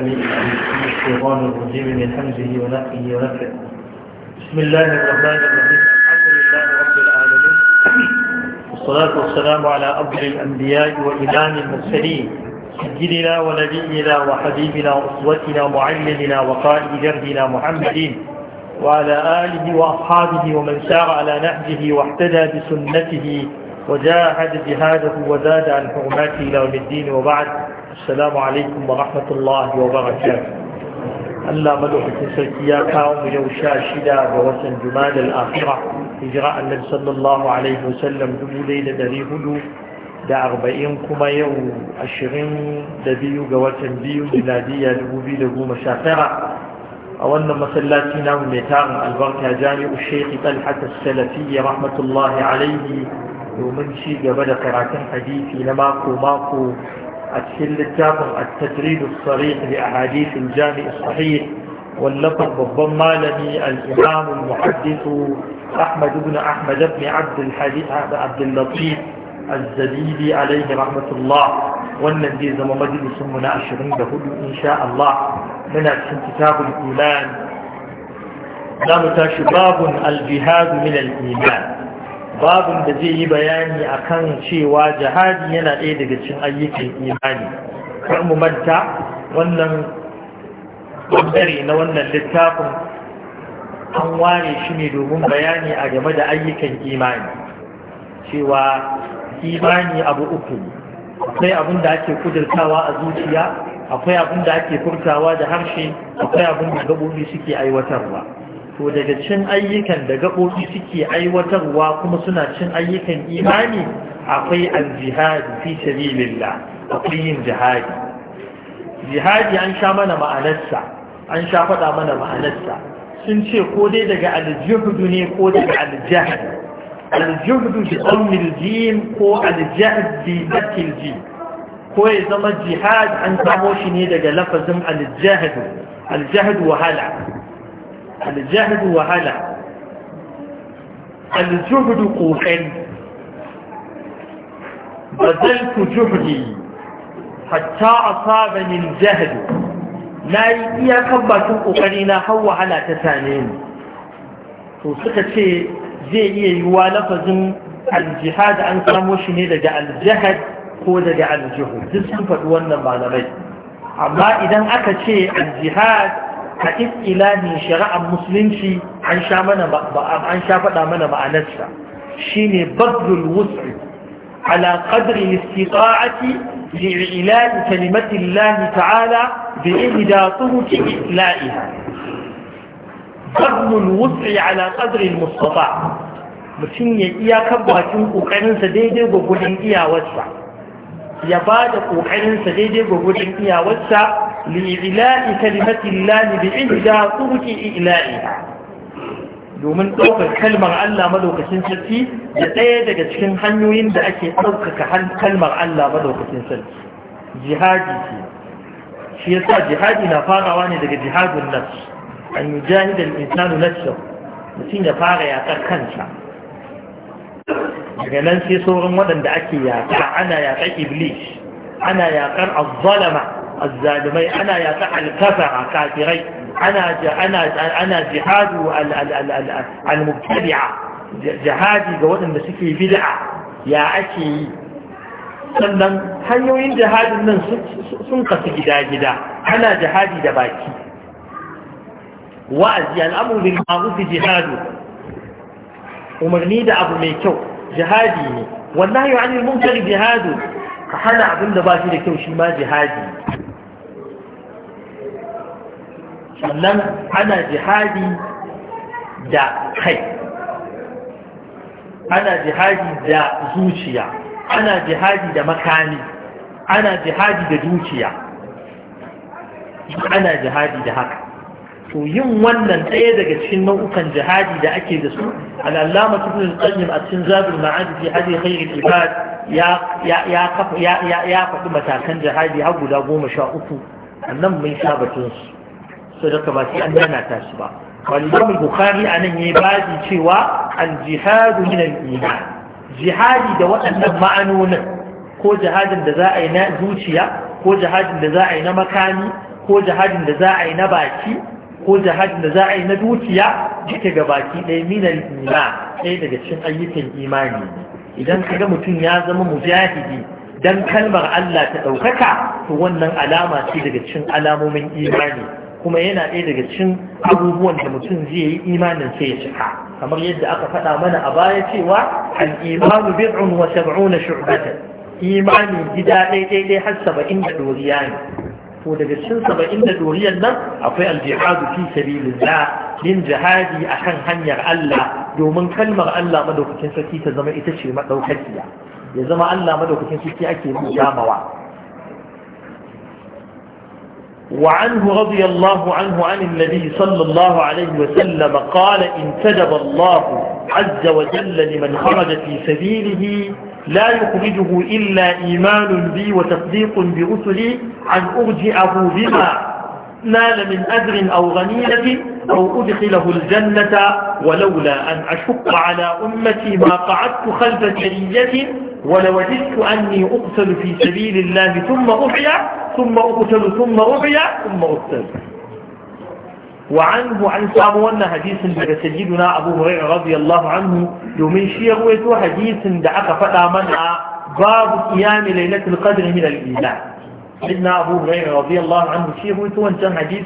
من الشيطان الرجيم من حمزه ونقه بسم الله الرحمن الرحيم الحمد لله رب العالمين والصلاة والسلام على أفضل الأنبياء وإمام المرسلين سيدنا ونبينا وحبيبنا وأسوتنا ومعلمنا وقائد جردنا محمد وعلى آله وأصحابه ومن سار على نهجه واحتدى بسنته وجاهد جهاده وزاد عن حرماته إلى الدين وبعد السلام عليكم ورحمة الله وبركاته Allah madaukakin sarki ya kawo mu yau sha shida ga watan Jumadal hijira Annabi sallallahu alaihi wasallam dubu ɗaya da ɗari hudu da arba'in kuma yau ashirin da biyu ga watan biyu miladiya dubu biyu da goma sha tara a wannan masallaci namu mai tarin albarka jami'u shekhi talhata salafiyya rahmatullahi alaihi domin ci gaba da karatun hadisi na mako mako الشل الكامر التدريب الصريح لأحاديث الجامع الصحيح واللطب لني الإمام المحدث أحمد بن أحمد بن عبد الحديث عبد اللطيف الزبيدي عليه رحمة الله والنبي زممدد سمنا أشرين بهد إن شاء الله من كتاب الإيمان نام تشباب الجهاد من الإيمان babin da zai yi bayani a kan cewa jihadi yana ɗaya daga cikin ayyukan imani kar mu manta wannan ɓangare na wannan littafin an ware shi ne domin bayani a game da ayyukan imani cewa imani abu uku akwai abin da ake kudurtawa a zuciya akwai abin da ake furtawa da harshe akwai abin da gaɓoɓi suke aiwatarwa to daga cin ayyukan da gaɓoɓi suke aiwatarwa kuma suna cin ayyukan imani akwai al-jihadi fi sabilillah akwai yin jihadi jihadi an sha mana ma'anarsa an sha faɗa mana ma'anarsa sun ce ko dai daga al ne ko daga al-jahd bi ko al-jahd bi ko ya zama jihad an samo shi ne daga lafazin al-jahd wahala aljahdu wahala aljuhdu kokari bazaltu juhdi hatta asabani aljahdu na yi iya bakin kokari na har wahala ta same ni to suka ce zai iya yiwuwa lafazin aljihad an samo shi ne daga aljihad ko daga aljihu duk sun faɗi wannan malamai amma idan aka ce aljihad a istilahin shari'ar musulunci an sha mana faɗa mana ma'anarsa shine badlul wus'i ala qadri istiqa'ati li'ilani kalimati Allah ta'ala da ihda tuhuki isla'iha badlul wus'i ala qadri mustata mutum ya iyakar bakin ƙoƙarinsa daidai gwagwadon iyawarsa ya ba da ƙoƙarinsa daidai gwagwajin iyawarsa ilai kalimatin lani da in ihda tsuki ila'i domin ɗaukar kalmar Allah maɗaukacin sarki da ɗaya daga cikin hanyoyin da ake ɗaukaka kalmar Allah maɗaukacin sarki jihadi ce shi ya sa jihadi na farawa ne daga jihadun nafs an yi jahidar insanu nafsahu mutum ya fara yaƙar kansa daga nan sai sauran waɗanda ake yaƙa ana yaƙa iblis ana yaƙar azzalama azzalimai ana yaƙa a kafirai ana jihadu almubtadi'a jihadi ga waɗanda suke bid'a ya ake yi sannan hanyoyin jihadin nan sun kasu gida-gida ana jihadi da baki wa'azi al'amurin ma'arufi jihadu umarni da abu mai kyau jihadi ne wallahi wa anil munkar jihadi? ka hana abin da ba shi da kyau shi ma jihadi sannan ana jihadi da kai ana jihadi da zuciya ana jihadi da makami ana jihadi da dukiya ana jihadi da haka to yin wannan ɗaya daga cikin nau'ukan jihadi da ake da su al'allama ibn al tsanin a cikin zabin ma'ad fi hadi khair ibad ya ya faɗi matakan jihadi har guda goma sha uku annan mun sha batun su so da ka ba sai an yana ta shi ba wallahu bukhari anan yayi bazi cewa al jihadu min al-iman jihadi da waɗannan ma'anonin ko jihadin da za a yi na zuciya ko jihadin da za a yi na makami ko jihadin da za a yi na baki ko jihad da za a yi na dukiya jike ga baki ɗaya minal iman ɗaya daga cikin ayyukan imani idan ka ga mutum ya zama mujahidi dan kalmar Allah ta ɗaukaka to wannan alama ce daga cikin alamomin imani kuma yana ɗaya daga cikin abubuwan da mutum zai yi imanin sai ya cika kamar yadda aka faɗa mana a baya cewa al-imanu bid'un wa sab'una shu'batan imani gida ɗaya ɗaya har saba'in da ɗoriya ne ودجشن سبا إن دوريا ما أفي الجهاد في سبيل الله من جهادي أحن هن يغ الله يومن كلمة الله مدوك كنسا كي تزمع إتشي مدوك كنسيا يزمع الله مدوك كنسا كي أكي مجاموا وعنه رضي الله عنه عن الذي صلى الله عليه وسلم قال انتدب الله عز وجل لمن خرج في سبيله لا يخرجه إلا إيمان بي وتصديق برسلي أن أرجعه بما نال من أجر أو غنيمة أو أدخله الجنة ولولا أن أشق على أمتي ما قعدت خلف سرية ولوجدت أني أقتل في سبيل الله ثم أحيا ثم أقتل ثم أحيا ثم أقتل وعنه عن سام وانا حديث دا سيدنا ابو هريره رضي الله عنه يومين شي رويتو حديث دا اكا فدا منا باب قيام ليله القدر من الايمان سيدنا ابو هريره رضي الله عنه شي رويتو وانت حديث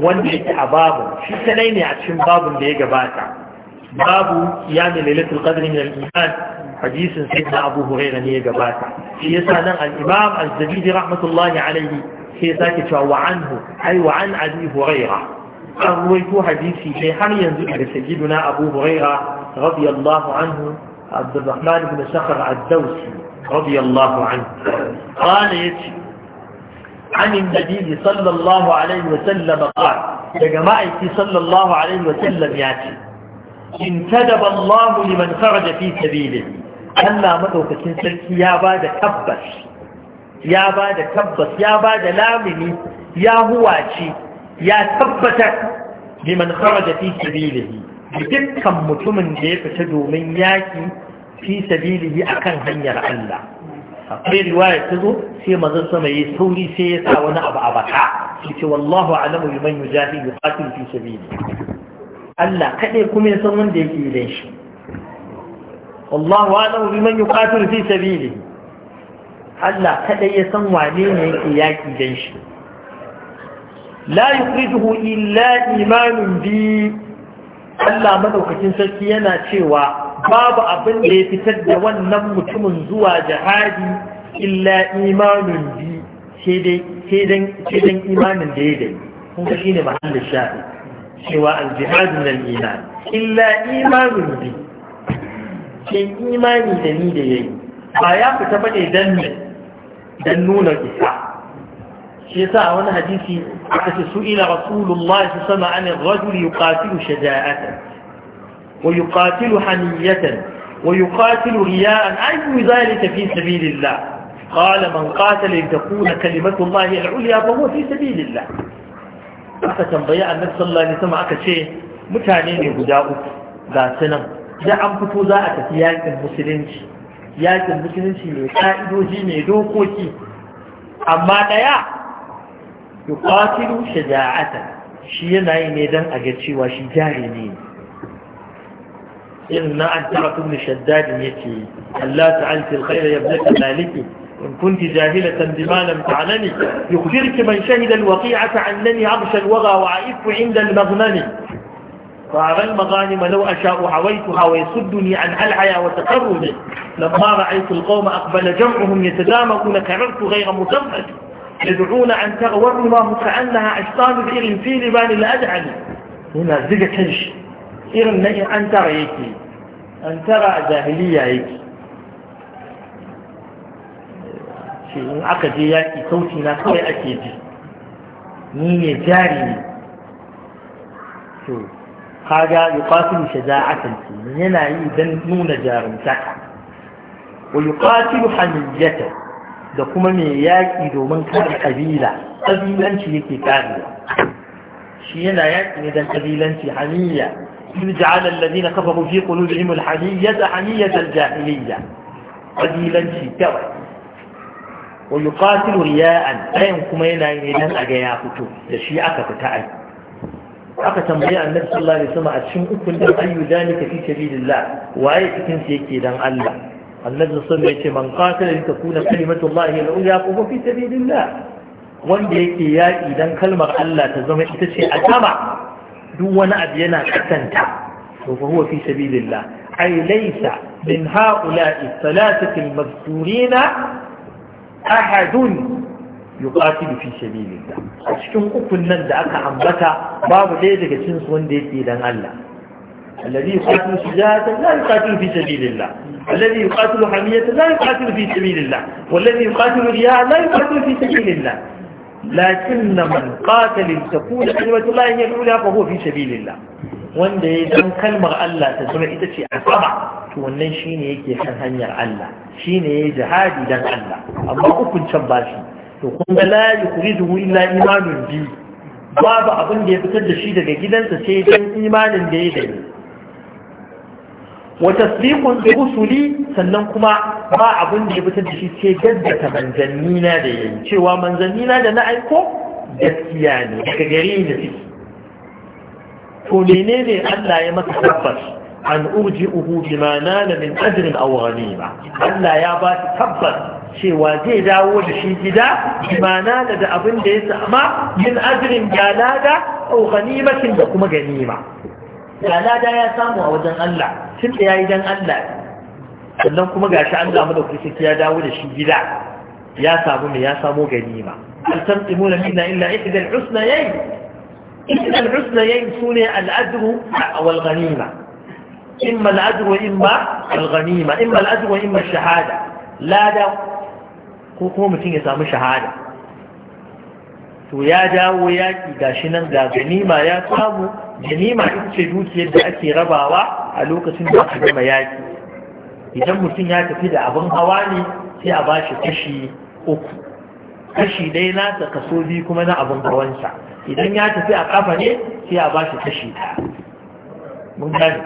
وانت حباب شي سنيني عشان باب اللي يجي باب قيام ليله القدر من الايمان حديث سيدنا ابو هريره اللي يجي باكا شي سنن الامام الزبيدي رحمه الله عليه هي ذاك وعنه اي وعن ابي هريره an roiko hadisi sai har yanzu da sajidu na abu huraira radiyallahu anhu abdurrahman ibn shakar ad-dawsi radiyallahu anhu qala yace an annabi sallallahu alaihi wa sallam qala ya jama'a fi sallallahu alaihi wa sallam yace in tadaba allah liman kharaja fi sabilihi alla madaukakin sarki ya bada tabbas ya bada tabbas ya ba da lamini ya huwa huwace ya tabbatar liman kharaja fi sabilihi dukkan mutumin da ya fita domin yaki fi sabilihi akan hanyar Allah akwai riwaya ta zo sai mazan sama yayi sauri sai ya sa wani abu a baka shi ce wallahu alamu liman yujahidu qatil fi sabili Allah kadai kuma ya san wanda yake da shi wallahu alamu liman yuqatil fi sabili Allah kadai ya san wane ne yake yaki dan shi la yukrijuhu illa imanun bi Allah madaukakin sarki yana cewa babu abin da ya fitar da wannan mutumin zuwa jihadi illa imanun bi sai dai imanin da ya dai kun ga shine mahallin shafi cewa al-jihadu lil iman illa imanun bi sai imani da ni da yayi ba ya fita bane dan dan nuna isa يسعى عن حديثي حتى سئل رسول الله صلى الله عليه وسلم عن الرجل يقاتل شجاعة ويقاتل حنية ويقاتل رياء أي ذلك في سبيل الله قال من قاتل إن تكون كلمة الله العليا فهو في سبيل الله حتى تنضيع النفس الله عليه وسلم عكا شيء متعنين يهداؤك ذا سنة ذا أمكتو ذا أتتياك المسلمين ياك المسلمين يتائدو جيني دوكوتي أما نياك يقاتل شجاعة shi yana yi ne dan a ga إن shi jari ne irin ألا addara الخير يا yake Allah إن كنت جاهلة بما لم تعلمي يخبرك من شهد الوقيعة عنني عرش الوغى وعائف عند المغنم فأرى المغانم لو أشاء حويتها ويصدني عن ألعيا وتقربي لما رأيت القوم أقبل جمعهم يتدامقون كررت غير مسمد يدعون أن تغور الله كأنها أشطان بإرم في لبان الأدعم هنا زيك كنش إرم أن ترى يكي أن ترى جاهلية يكي شيء عقد يكي صوتنا كوي أكيد نيني جاري هذا يقاتل شجاعة ينعي دن نون جار ويقاتل حميته da kuma mai yaƙi domin kare ƙabila ƙabilanci yake karewa shi yana yaƙi ne don ƙabilanci haniya in ja'ala alladhina kafaru fi qulubihim alhaniyyata haniyatal jahiliyya ƙabilanci kawai wa yuqatilu riya'an ayan kuma yana yi ne dan a ga ya fito da shi aka fita ai aka tambaye annabi sallallahu alaihi wasallam a cikin ukun da ayyu dalika fi sabilillah waye cikin su yake dan Allah annabi sallallahu alaihi wasallam man qatala li takuna kalimatullahi al-ulya fa fi sabilillah wanda yake yaki dan kalmar Allah ta zama ita ce a sama duk wani abu yana kasanta to fa huwa fi sabilillah ay laysa min ha'ula thalathati al ahadun yuqatilu fi sabilillah a cikin ukun nan da aka ambata babu ɗaya daga cin su wanda yake dan Allah الذي يقاتل شجاعة لا يقاتل في سبيل الله الذي يقاتل حمية لا يقاتل في سبيل الله والذي يقاتل رياء لا يقاتل في سبيل الله لكن من قاتل تكون كلمة الله يدعوها فهو في سبيل الله wanda ya dan kalmar Allah ta zama ita ce asaba to wannan shine yake kan hanyar Allah shine yayi jihadi dan Allah amma ukun can bashi to kun ga la yukhrijuhu illa imanun bi babu abin da ya fitar da shi daga gidansa sai dan imanin da ya dani wa tasdiqun rusuli sannan kuma ba abin da ya fitar da shi ce gaddata manzanni na da yayi cewa manzanni na da na aiko gaskiya ne daga gare ni suke to menene Allah ya masa tabbas an urji'uhu bima nana min ajrin aw ghanima Allah ya ba shi tabbas cewa zai dawo da shi gida bima nana da abin da ya sama min ajrin galada aw ghanimatin da kuma ganima galada ya samu a wajen Allah tun da ya yi don Allah sannan kuma ga shi da madaukaki ya dawo da shi gida ya samu mai ya samo ganima al-tanqimuna minna illa ihda al-husnayn ihda al-husnayn sune al-ajru wal ghanima imma al-ajru wa imma al in imma al-ajru wa imma ash-shahada Lada ko kuma mutum ya samu shahada to ya dawo yaki gashi nan ga ganima ya samu ganima ita ce dukiyar da ake rabawa a lokacin da aka gama yaki idan mutum ya tafi da abin hawa ne sai a bashi kashi uku kashi dai nasa kaso biyu kuma na abin hawansa idan ya tafi a kafa ne sai a bashi kashi ɗaya mun gane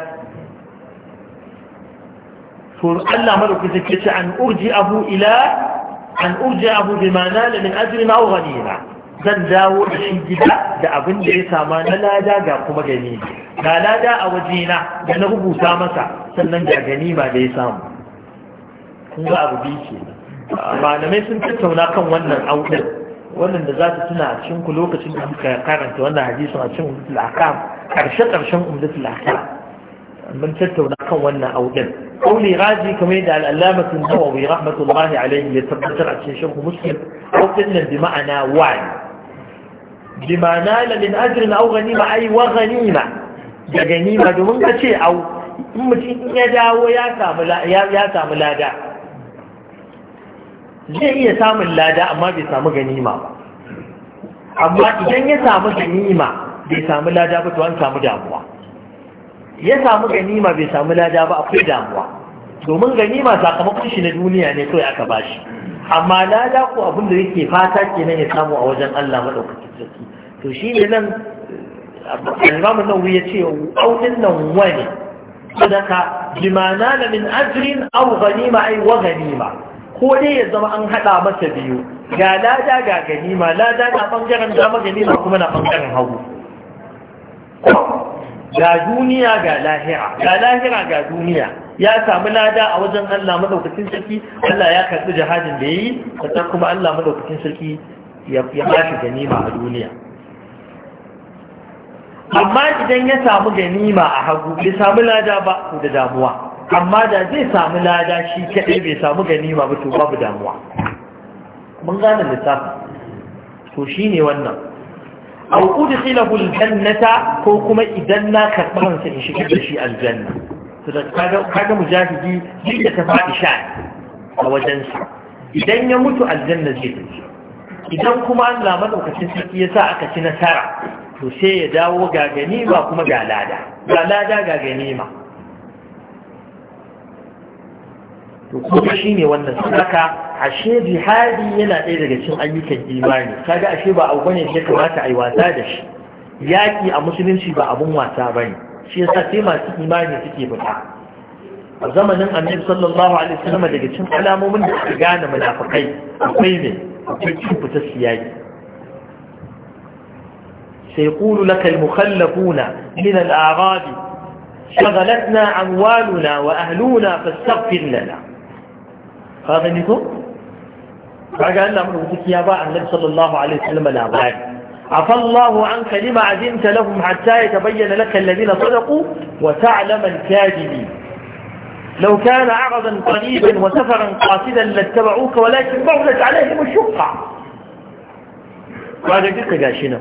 to Allah madaukaki ce an urji abu ila an urji abu bi ma nala min ajrin aw ghanima zan dawo da shi gida da abin da ya sama na lada ga kuma ganima ga lada a wajena da na rubuta masa sannan ga ganima da ya samu kun ga abu biyu ke malamai sun tattauna kan wannan auɗin waɗanda za su tuna cin ku lokacin da muka karanta wannan hadisin a cin umdatul akam karshe karshen umdatul akam mun tattauna kan wannan auɗin قولي غازي كما يدعى الألامة النووي رحمة a cikin يتبتر عشان شيخ nan أو بمعنى wani. bima nala min ajrin aw ganima ai wa ganima da ganima domin ka ce au in mutum ya dawo ya samu ya samu lada zai iya samun lada amma bai samu ganima ba amma idan ya samu ganima bai samu lada ba to an samu damuwa ya samu ganima bai samu lada ba akwai damuwa domin ganima sakamakon shi na duniya ne kawai aka bashi amma lada ko abin da yake fata kenan ya samu a wajen Allah madaukakin sarki to shi ne nan al-imam an-nawawi yace nan dinnan wani sadaka jimana la min ajrin aw ganima ay wa ko dai ya zama an haɗa masa biyu ga lada ga ganima lada na bangaren dama ganima kuma na bangaren hagu ga duniya ga lahira ga lahira ga duniya ya samu lada a wajen Allah madaukakin sarki Allah ya karbi jihadin da yi, sannan kuma Allah madaukakin sarki ya ba shi ganima a duniya amma idan ya samu ganima a hagu bai samu lada ba ko da damuwa amma da zai samu lada shi kaɗai bai samu ganima ba to babu damuwa mun gane lissafi to shine wannan aw udkhilahu aljannata ko kuma idan na karɓar sa in shiga da shi aljanna to da kaga kaga mujahidi duk da ta faɗi sha a wajen sa idan ya mutu aljanna zai tafi idan kuma Allah madaukakin sarki ya sa aka ci nasara to sai ya dawo ga ganima kuma ga lada ga lada ga ganima to kuma ne wannan saka ashe jihadi yana ɗaya daga cin ayyukan imani kaga ashe ba abu bane da kamata ai wasa da shi yaki a musulunci ba abun wasa bane shi yasa sai masu imani suke fita a zamanin annabi sallallahu alaihi wasallam daga cikin alamomin da suka gane munafikai akwai ne akwai cin fita siyaki سيقول لك المخلفون من الأعراب شغلتنا أموالنا وأهلنا فاستغفر لنا هذا نكو فقال الله من وجهك يا باع النبي صلى الله عليه وسلم الأبعاد عفى الله عنك لما عزمت لهم حتى يتبين لك الذين صدقوا وتعلم الكاذبين لو كان عرضا قريبا وسفرا قاصدا لاتبعوك ولكن بعدت عليهم الشقة وهذا قال قاشنا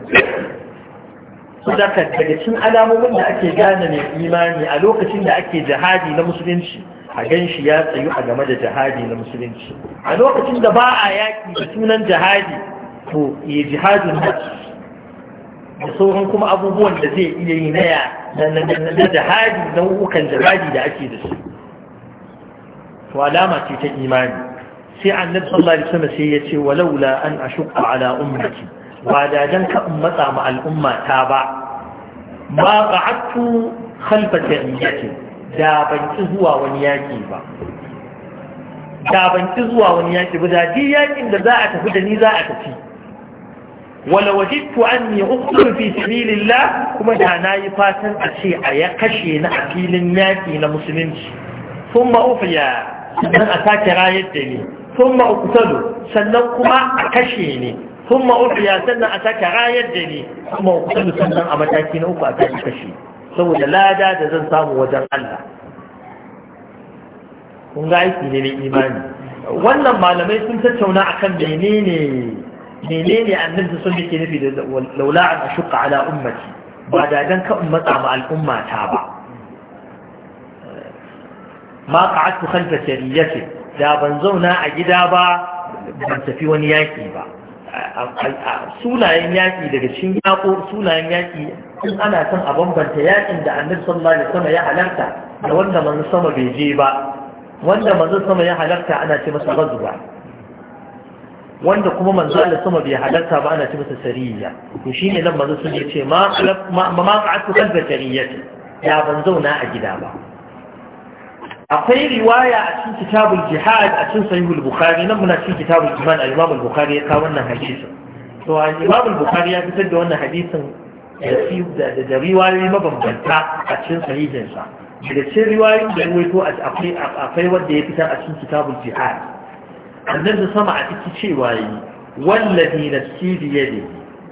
sadaka daga cin alamomin da ake gane mai imani a lokacin da ake jihadi na musulunci a gan shi ya tsayu a game da jihadi na musulunci a lokacin da ba a yaƙi da sunan jihadi to ya jihadin nafs da sauran kuma abubuwan da zai iya yi na na jihadi nau'ukan jihadi da ake da su to alama ce ta imani sai annabi sallallahu alaihi wasallam sai ya ce walaula an a ala ummati ba da dan ka matsa ma al'umma ta ba ka hattu khalfa yake, da ban ci zuwa wani yaƙi ba da ban ci zuwa wani yaƙi ba da ji yakin da za a tafi da ni za a tafi wala wajidtu ne uqtul fi sabilillah kuma da yi fatan a ce a ya kashe na a filin yaki na musulunci thumma ufiya sannan a sake rayar da ni thumma uqtalu sannan kuma a kashe ne. ثم أحيا سنة أتاك راية جني ثم أقتل سنة أمتاكين uku a kashe سوى لا داد زن سامو وجن الله kun ga aiki ne na imani wannan malamai sun tattauna a menene menene annabi sun yake nufi da laula a ashqa ala ummati ba da dan matsa ma al'umma ta ba ma qa'atu khalfa sariyati da ban zauna a gida ba ban tafi wani yaki ba sunayen yaƙi daga cikin yaƙo sunayen yaƙi in ana son a bambanta yaƙin da annabi sallallahu alaihi wasallam ya halarta da wanda manzo sama bai je ba wanda manzo sama ya halarta ana ce masa ghazwa wanda kuma manzo Allah sama bai halarta ba ana ce masa sariya to shine nan manzo sun ce ma ma ma'atu kalba sariyati ya ban zauna a gida ba akwai riwaya a cikin kitabul jihad a cikin sahihul bukhari nan muna cikin kitabul iman al-imam al-bukhari ya kawo wannan hadisin to al-imam al-bukhari ya fitar da wannan hadisin da da da riwayoyi mabambanta a cikin sahihin sa daga cikin riwayoyin da ruwaito akwai akwai wanda ya fitar a cikin kitabul jihad da sama a ciki cewa yi wallazi nafsi bi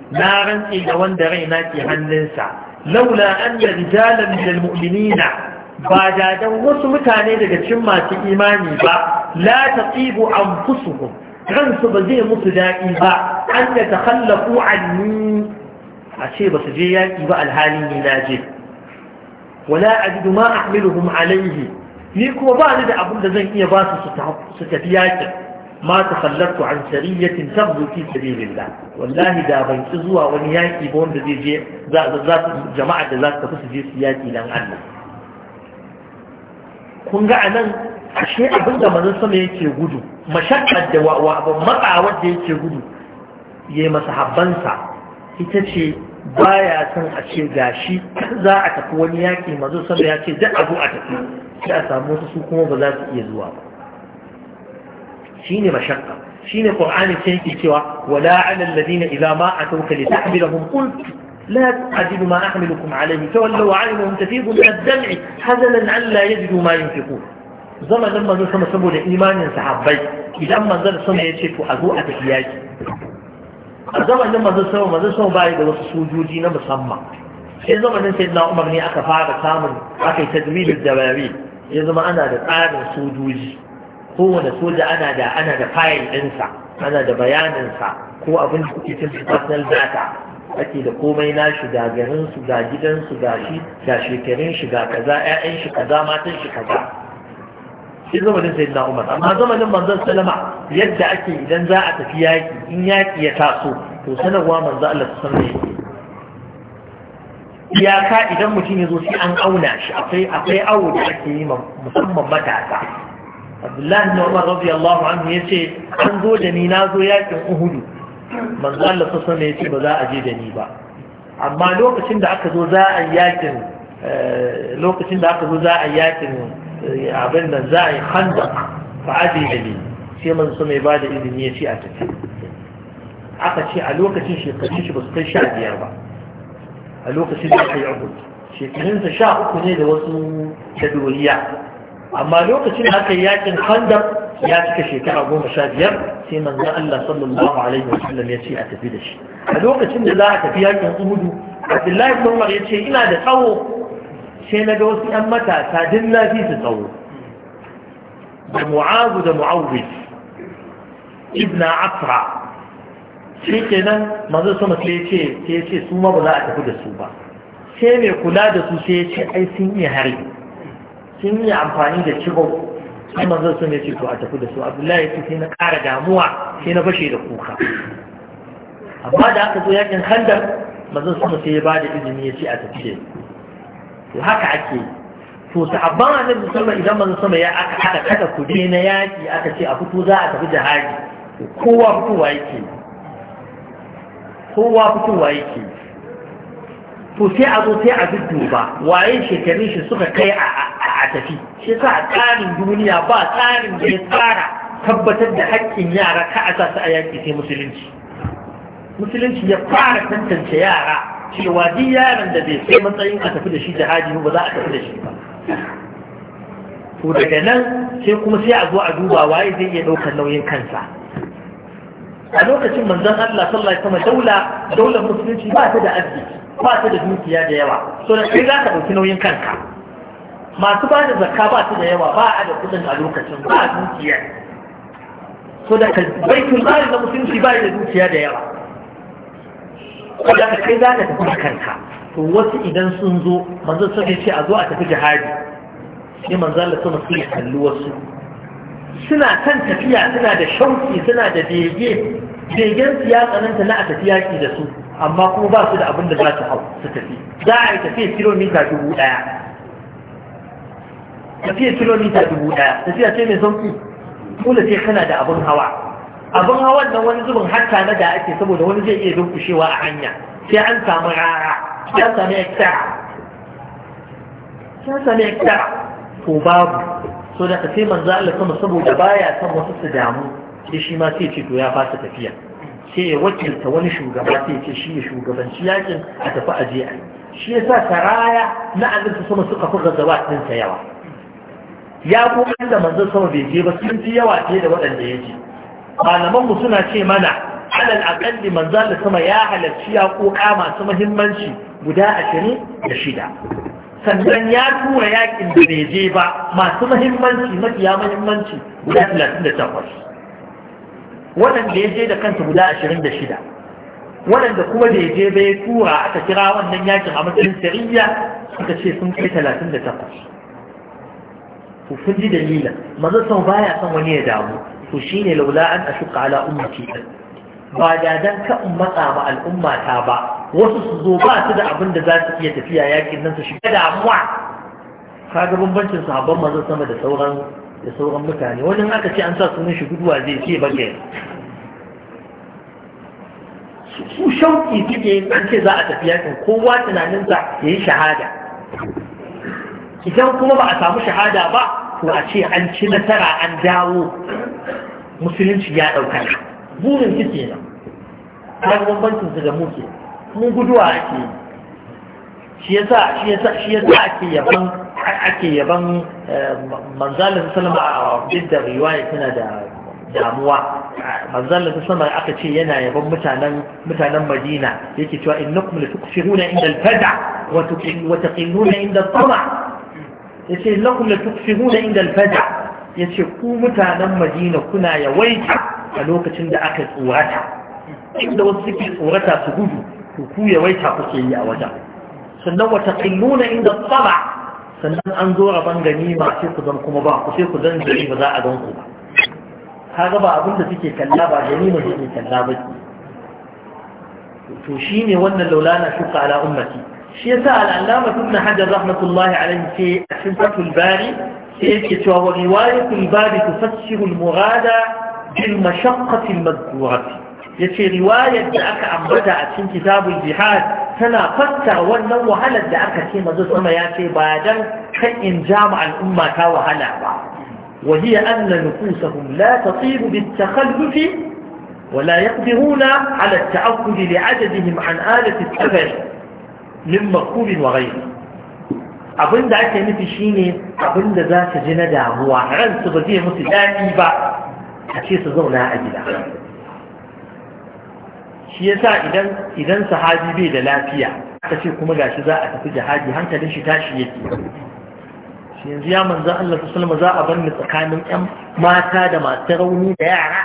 na rantsi da wanda raina ke hannunsa laula anna rijalan min al-mu'minina ba dadan wasu mutane daga cikin masu imani ba la taqibu anfusuhum ransu ba zai musu daɗi ba an da ta hallaku a ce ba su je yaƙi ba alhalin ni na je wala ajidu ma ahmiluhum alayhi ni kuma ba ni da abin da zan iya ba su su tafi yaƙin ma ta hallaku an sariyatin tabbu fi sabilillah wallahi da ban ci zuwa wani yaƙi ba wanda zai je za jama'a da za su tafi su je su yaƙi dan Allah kun ga anan ashe abin da manzon sama yake gudu mashakkar da wa matsawar wadda yake gudu ya yi masahabbansa ita ce baya son a ce gashi za a tafi wani yaƙi manzon sama ya ce duk abu a tafi sai a samu wasu su kuma ba za su iya zuwa ba shine mashakka shine qur'ani sai yake cewa wala alal ladina idza ma atawka litahmilahum qult لا أجد ما أحملكم عليه تولوا عنهم تفيض من الدمع حزنا ألا يجدوا ما ينفقون zama zan manzo sama saboda imanin sahabbai idan manzon sama ya ce to a zo a tafi yaki a zamanin manzon sama manzon sama bai da wasu sojoji na musamman sai zamanin sai na umar ne aka fara samun aka yi da dabari ya zama ana da tsarin sojoji kowane soja ana da ana da fayil ɗinsa ana da bayaninsa ko abin da kuke cin personal data ake da komai nashi ga garin su ga gidan su ga shi ga shekarun shi ga kaza ƴaƴan shi kaza matan shi kaza shi zamanin sai na umar amma zamanin manzon salama yadda ake idan za a tafi yaƙi in yaƙi ya taso to sanarwa manzo Allah sun ne iyaka idan mutum ya zo sai an auna shi akwai akwai awo da ake yi musamman matasa Abdullahi bin Umar radiyallahu anhu yace an zo da ni na zo yakin Uhudu manzo Allah sassa ne yace ba za a je da ni ba amma lokacin da aka zo za a yakin eh, lokacin da aka zo za a yakin eh, abin da za a yi khandaq fa aje da ni sai manzo mai ba da izini ya ce a tafi aka ce a lokacin shekarun shi ba su kai sha biyar ba a lokacin da aka yi abu shekarunsa sha uku ne da wasu shadoriya amma lokacin da aka yi yakin handa. ya cika shekara goma sha biyar sai manzon Allah sallallahu alaihi wasallam ya ce a tafi da shi a lokacin da za a tafi yakin Uhudu Abdullahi ibn Umar ya ce ina da tsawo sai na ga wasu ƴan matasa din lafi su tsawo da Mu'azu da Mu'awwid ibn Afra shi kenan manzon sama sai ya ce sai ya ce su ma ba za a tafi da su ba sai mai kula da su sai ya ce ai sun yi hari sun yi amfani da kibau sai manzon sun ya ce to a tafi da su abdullahi ya ce sai na ƙara damuwa sai na fashe da kuka amma da aka zo yakin handar manzon sun sai ya bada izini ya ce a tafi to haka ake to sahabban annabi sallallahu alaihi idan manzon sama ya aka aka kada kuje na yaki aka ce a fito za a tafi jihadi kowa fitowa yake kowa fitowa yake to sai a zo sai a duba waye shekarun shi suka kai a a tafi shi sa tsarin duniya ba tsarin da ya tsara tabbatar da haƙƙin yara ka a su a yaƙi sai musulunci musulunci ya fara tantance yara cewa duk yaran da bai sai matsayin a tafi da shi jihadi ba za a tafi da shi ba to daga nan sai kuma sai a zo a duba waye zai iya ɗaukar nauyin kansa a lokacin manzon Allah sallallahu alaihi wasallam daula daular musulunci ba ta da arziki ba ta da dukiya da yawa so da kai za ka ɗauki nauyin kanka masu ba da zakka ba su da yawa ba a da kudin a lokacin ba a dukiya so da ka baitul mali na musulunci ba da dukiya da yawa ko da ka kai za ka tafi kanka to wasu idan sun zo manzo sun ce a zo a tafi jihadi sai manzo Allah sama sai ya kalli wasu suna kan tafiya suna da shauki suna da bege begen su ya tsananta na a tafi yaki da su amma kuma ba su da abin da za su hau su tafi za a yi tafiya kilomita dubu ɗaya tafiya kilomita dubu ɗaya tafiya ce mai sauki dole sai kana da abin hawa abin hawan nan wani zubin hatta na da ake saboda wani zai iya dunkushewa a hanya sai an samu rara ya sami ekstra ya samu ekstra to babu so da ka sai manzo Allah sama saboda baya son wasu su damu sai shi ma sai ce to ya fasa tafiya sai ya wakilta wani shugaba sai ce shi ne shugabanci yakin a tafi aje a shi yasa saraya na annabi sama suka fi gazawa ɗinsa yawa ya kuma da manzo sama bai je ba sun ji yawa ce da waɗanda ya je malaman mu suna ce mana alal aqalli manzo da sama ya halarci ya koka masu muhimmanci guda ashirin da shida sannan ya tura yakin da bai je ba masu muhimmanci mafiya muhimmanci guda talatin da takwas waɗanda ya je da kansa guda ashirin da shida waɗanda kuma da ya je bai tura aka kira wannan yakin a matsayin sariya suka ce sun kai talatin da takwas Ku kun ji dalilin manzo sau baya son wani ya damu to shine laula an ashqa ala ummati ba da dan ka ummata ba al'umma ta ba wasu su zo ba su da abin da za su iya tafiya yakin nan su shiga damuwa kaga bambancin sahabban manzo sama da sauran da sauran mutane wani aka ce an sa sunan shi guduwa zai ce bage su shauki suke an ce za a tafi yakin kowa tunaninsa ya yi shahada idan kuma ba a samu shahada ba to a ce an ci nasara an dawo musulunci ya ɗauka burin ki ke nan ɗan bambancin su da muke mun guduwa ake shi yasa shi yasa shi yasa ake yaban ake yaban eh, manzalin sallama a bidda riwaya tana da damuwa manzalin sallama aka ce yana yaban mutanen mutanen Madina yake cewa innakum latuksiruna inda al-fada wa tuqilluna inda al-tama yace lakum la tukfiruna inda al-fajr yace ku mutanen Madina kuna yawaita a lokacin da aka tsorata inda wasu suke tsorata su gudu to ku yawaita kuke yi a wajen sannan wata qilluna inda tsaba sannan an zo rabon ganima sai kuzan kuma ba ku sai ku zan gari ba za a gan ku ba kaga ba abin da suke kalla ba ganima suke kalla ba to shi ne wannan laulana shuka ala ummati shi yasa al'allama ibn hajar rahmatullahi alaihi ce a cikin fatul bari sai yake cewa wa riwayatul bari tufassiru al-murada bil mashaqqati al-madhkurati yace riwayar da aka ambata a cikin kitabul jihad tana fassara wannan wahalar da aka ce mazo sama ya ce ba dan kan in jama al'umma ta wahala ba wa hiya anna nufusahum la tatibu bit takhallufi ولا يقدرون على التعقد لعددهم عن آلة السفر min makulin wa rai abin da ake nufi shine abin da za su ji na damuwa ransu ba zai musu daɗi ba a ce su zauna a gida shi yasa idan idan sahabi bai da lafiya aka ce kuma shi za a tafi jihadi hankalin shi tashi yake shi yanzu ya manzo Allah sallama za a bar tsakanin 'yan mata da masu rauni da yara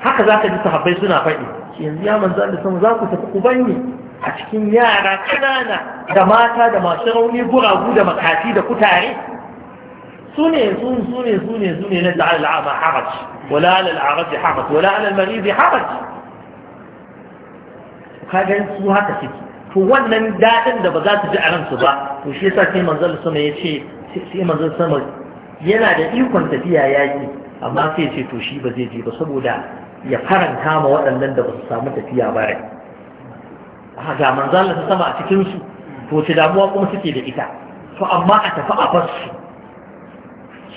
haka za ka ji sahabbai suna faɗi yanzu ya manzo Allah sallama za ku tafi ku bani a cikin yara ƙanana da mata da masu rauni guragu da makafi da kutare su ne su ne su ne su ne na la'ama haraj wala alal arabi haraj wala alal marizi haraj kagan su haka suke to wannan daɗin da ba za su ji a ransu ba to shi yasa sai manzon sama ya ce sai manzon sama yana da ikon tafiya yaƙi amma sai ce to shi ba zai je ba saboda ya faranta ma waɗannan da ba su samu tafiya ba rai ga manzan da sama a cikin su to ce damuwa kuma suke da ita to amma a tafi a bar su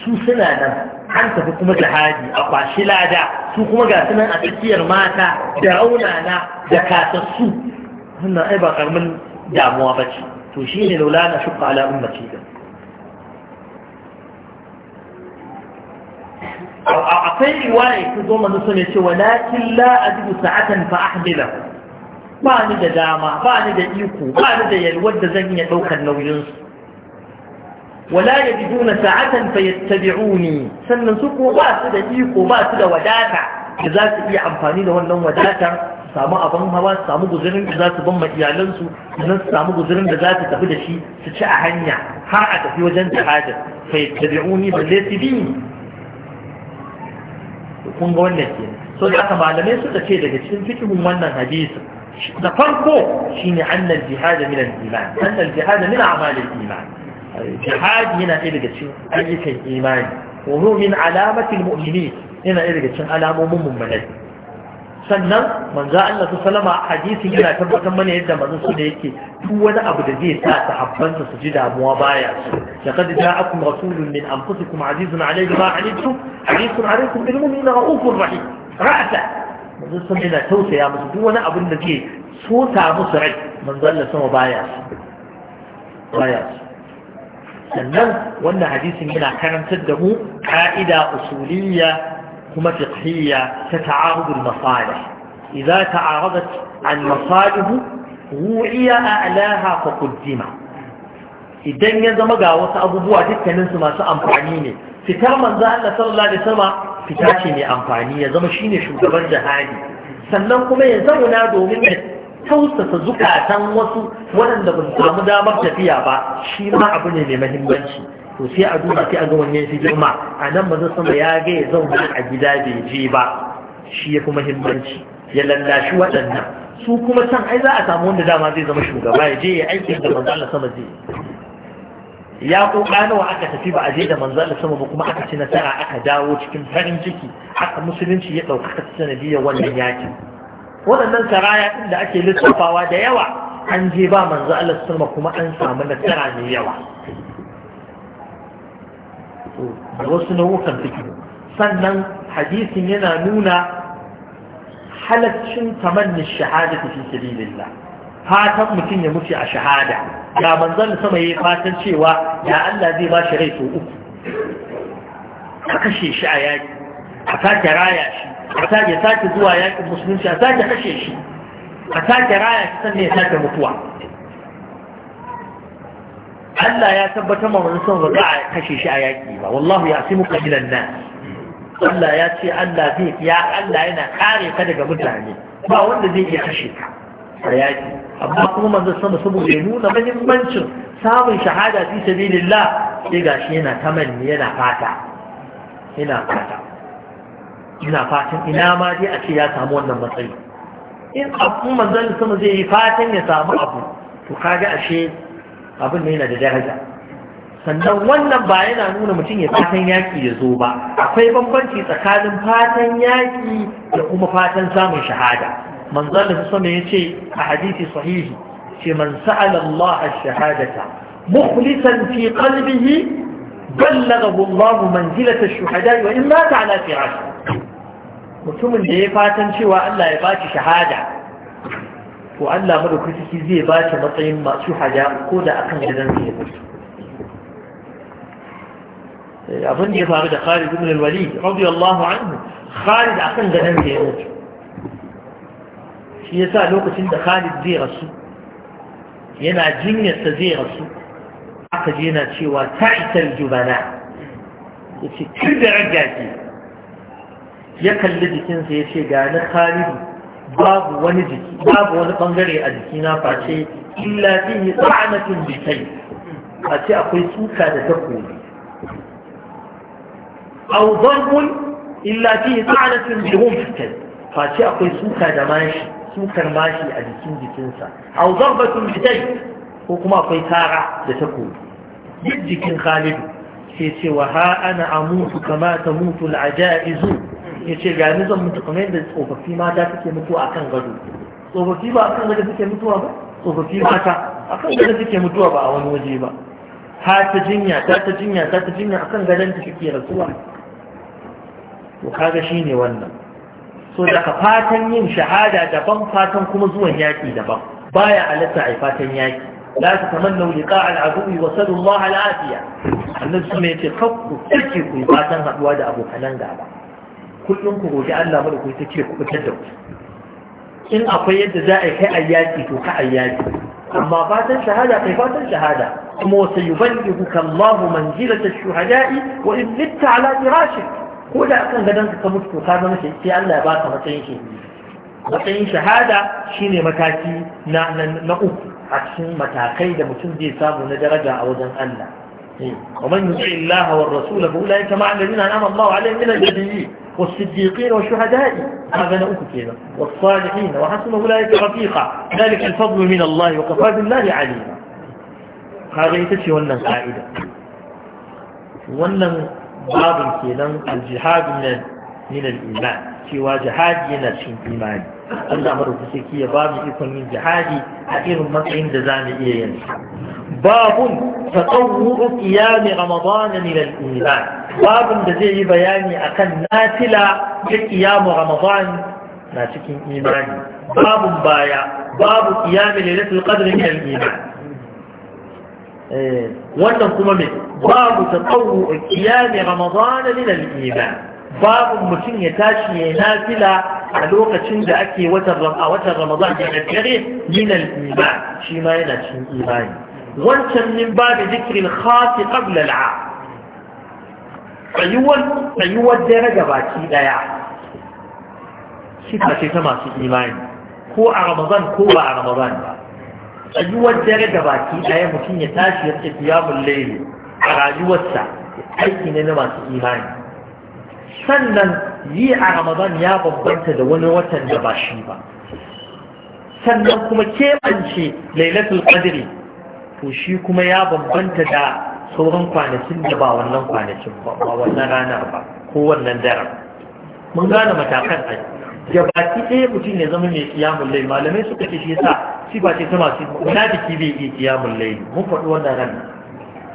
su suna nan an tafi kuma jihadi a kwashi lada su kuma ga sunan a tsakiyar mata da raunana da kasassu wannan ai ba karamin damuwa ba ce to shi ne laula na shukka ala ummati da akwai riwaya ta zo manzo sune cewa lakin la ajibu sa'atan fa ahmilahu ba ni da dama ba ni da iko ba ni da yalwar da zan iya ɗaukar nauyinsu wala ya bi duna sa'atan fa yattabi'uni sannan su ko ba su da iko ba su da wadata da za su iya amfani da wannan wadata su samu abin hawa su samu guzurin da za su ban ma iyalansu sannan su samu guzurin da za su tafi da shi su ci a hanya har a tafi wajen jihadin fa yattabi'uni balle su bi kun ga wannan kenan so da aka malamai suka ce daga cikin fikihun wannan hadisin da farko shine annal jihad min iman annal jihad min a'mal al-iman jihad yana ɗaya ayyukan imani wa huwa min yana ɗaya alamomin mummunai sannan manzo Allah su salama hadisin yana tabbatar mana yadda manzo da yake duk abu da zai sa sahabbansa su ji damuwa baya su laqad ja'akum rasulun na anfusikum manzo sun yana tausaya musu duk wani abin da zai ta musu rai manzo Allah sama baya baya sannan wannan hadisin yana karantar da mu ka'ida usuliyya kuma fiqhiyya ta ta'arudul masalih idza ta'aradat al-masalih wu'iya a'laha fa idan ya zama ga wasu abubuwa dukkanin su masu amfani ne fitar manzo Allah sallallahu alaihi wasallam fita ce mai amfani ya zama shine shugaban jihadi sannan kuma ya zauna domin ya tausasa zukatan wasu waɗanda ba su samu damar tafiya ba shi ma abu ne mai mahimmanci to sai a duba sai a ga wannan shi girma a nan maza sama ya ga ya zauna a gida bai je ba shi ya fi mahimmanci ya lallashi waɗannan su kuma can ai za a samu wanda dama zai zama shugaba ya je ya aikin da manzo Allah sama zai ya kuka nawa aka tafi ba a je da manzo da sama ba kuma aka ci nasara aka dawo cikin farin ciki aka musulunci ya ɗaukaka sanadiyar wannan yaki waɗannan saraya ɗin da ake lissafawa da yawa an je ba manzo Allah sama kuma an samu nasara mai yawa da wasu nau'ukan fikiru sannan hadisin yana nuna halaccin tamannin shahadati fi sabilillah fatan mutum ya mutu a shahada ga manzon sama yi fatan cewa ya Allah zai ba shi rai to uku a kashe shi a yaƙi. a sake raya shi a sake sake zuwa yaƙin musulunci a sake kashe shi a sake raya shi sannan ya sake mutuwa Allah ya tabbatar ma wani son ba a kashe shi a yaƙi ba wallahu ya fi muka qalilan nan. Allah ya ce Allah zai ya Allah yana kare ka daga mutane ba wanda zai iya kashe ka a yaƙi amma kuma manzo sama saboda ya nuna mahimmancin samun shahada fi sabilillah sai gashi yana tamanni yana fata yana fata ina fatan ina ma dai a ce ya samu wannan matsayi in abu manzon sama zai yi fatan ya samu abu to kaga ashe abin ne yana da daraja sannan wannan ba yana nuna mutum ya fatan yaƙi ya zo ba akwai bambanci tsakanin fatan yaƙi da kuma fatan samun shahada من ظل سنة يتي حديث صحيح في من سأل الله الشهادة مخلصا في قلبه بلغه الله منزلة الشهداء وإن مات على فراشه mutumin da ya fatan cewa Allah ya baci shahada to Allah madaukaki zai baci matsayin masu hada ko da akan gidan zai mutu abin da ya faru da Khalid ibn al-Walid radiyallahu anhu Khalid akan gidan zai mutu shi yasa lokacin da Khalid zai rasu yana jinyarsa zai rasu aka je yana cewa ta'itar jubana ya ce tun da ragage ya kalli jikinsa ya ce ga na Khalidu babu wani jiki babu wani bangare a jikina face illa fihi tsa'anatun bikai face akwai tsuka da takobi أو ضرب إلا فيه طعنة بهم في akwai tsuka da سوكا دماشي sukar mashi a jikin jikinsa au zarbatun bidai ko kuma akwai tara da takobi duk jikin khalidu sai ce wa ha ana amutu kama ta mutu al'ajaizu ya ce ga ni zan mutu kamar yadda tsofaffi mata suke mutuwa kan gado tsofaffi ba a kan gado suke mutuwa ba tsofaffi mata a kan gado suke mutuwa ba a wani waje ba ta ta jinya ta ta jinya ta ta jinya a kan gadon ta suke rasuwa to kaga shine wannan so daga fatan yin shahada daban fatan kuma zuwan yaƙi daban baya halatta a fatan yaƙi la ta tamanna liqa al-aduwi wa sallallahu al-afiya annabi yace kakku kike ku fatan haduwa da abokanan gaba kullum ku goge Allah mu da ku take ku fitar da ku in akwai yadda za a kai ayyaki to ka ayyaki amma fatan shahada kai fatan shahada kuma wa sayuballighuka Allahu manzilata ash-shuhada'i wa in mitta ala firashik ko da akan gadon ka mutu to ka zama sai Allah ya baka matsayin shi matsayin shahada shine mataki na na uku a cikin matakai da mutum zai samu na daraja a wajen Allah ومن يطع الله والرسول فاولئك wa الذين انعم الله عليهم من النبيين والصديقين والشهداء هذا نؤكد كذا والصالحين وحسن اولئك رفيقا ذلك الفضل من الله وكفى بالله عليما ita ce wannan ka'ida wannan babin kenan aljihadu min min al-iman cewa jihadi yana cikin imani Allah madaukaki saki kiyaye ba ikon yin jihadi a irin matsayin da za mu iya yin babun tatawwuru qiyam ramadan min al-iman babun da zai yi bayani akan nafila ta qiyam ramadan na cikin imani babun baya babu qiyam lailatul qadr min al-iman Eh, wannan kuma mai babu ta tsawo kiyami ramadan min al-iman babu mutum ya tashi ya fila a lokacin da ake watan a watan ramadan da dare min al-iman shi ma yana cikin imani wancan min ba babu zikrin khasi qabla al-a tsayuwar tsayuwar dare gabaki daya sifa ce ta masu imani ko a ramadan ko ba a ramadan ba tsayuwar dare da baki ɗaya mutum ya tashi ya tafi ya mulle a rayuwarsa aiki ne na masu imani sannan yi a ramadan ya bambanta da wani watan da ba shi ba sannan kuma keɓance lailatul qadri to shi kuma ya bambanta da sauran kwanakin da ba wannan kwanakin ba ba wannan ranar ba ko wannan daren mun gane matakan aiki gabaki ɗaya mutum ya zama mai kiyamun lai malamai suka ce shi yasa sifa ce ta masu munafiki bai iya kiyamun lai mun faɗi wannan ran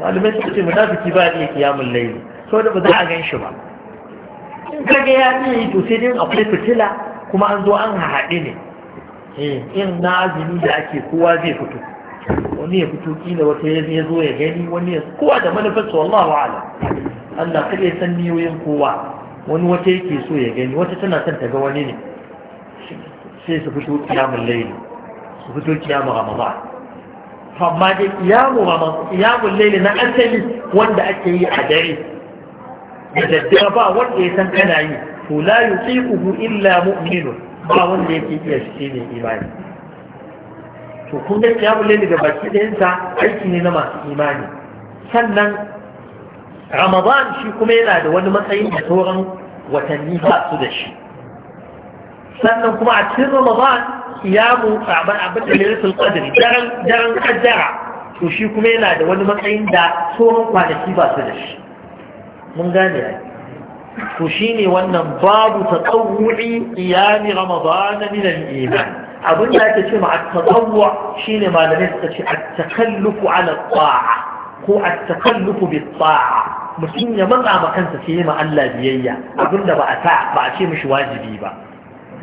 malamai suka ce munafiki ba iya kiyamun lai sau da ba za a gan shi ba in kaga ya iya yi to sai dai akwai fitila kuma an zo an haɗe ne eh, in na azumi da ake kowa zai fito wani ya fito kila wata ya zo ya gani wani ya kowa da manufarsa wallahu a'lam Allah kada ya san niyoyin kowa wani wata yake so ya gani wata tana son ta ga wani ne sai su fito kiyamun laili su fito kiyamun ramadan amma dai kiyamun ramadan kiyamun laili na asali wanda ake yi a dare da daddare ba wanda ya san kana yi to la yuqiquhu illa mu'minun ba wanda yake iya shi ne imani to kun ga kiyamun laili da baki sa aiki ne na masu imani sannan ramadan shi kuma yana da wani matsayin da sauran watanni ba su da shi sannan kuma a cikin ramadan kiyamu tsaban abin da lalatul qadri daren daren kaddara to shi kuma yana da wani matsayin da sauran kwanaki ba su da shi mun gane ai to ne wannan babu ta tatawwu'i qiyami ramadan na al-iman abin da ake ce ma at-tatawwu shine malamai suka ce at-takallufu ala ta'a ko at-takallufu bit-ta'a mutum ya matsa ma kansa sai ma Allah biyayya abinda ba a ta ba a ce mishi wajibi ba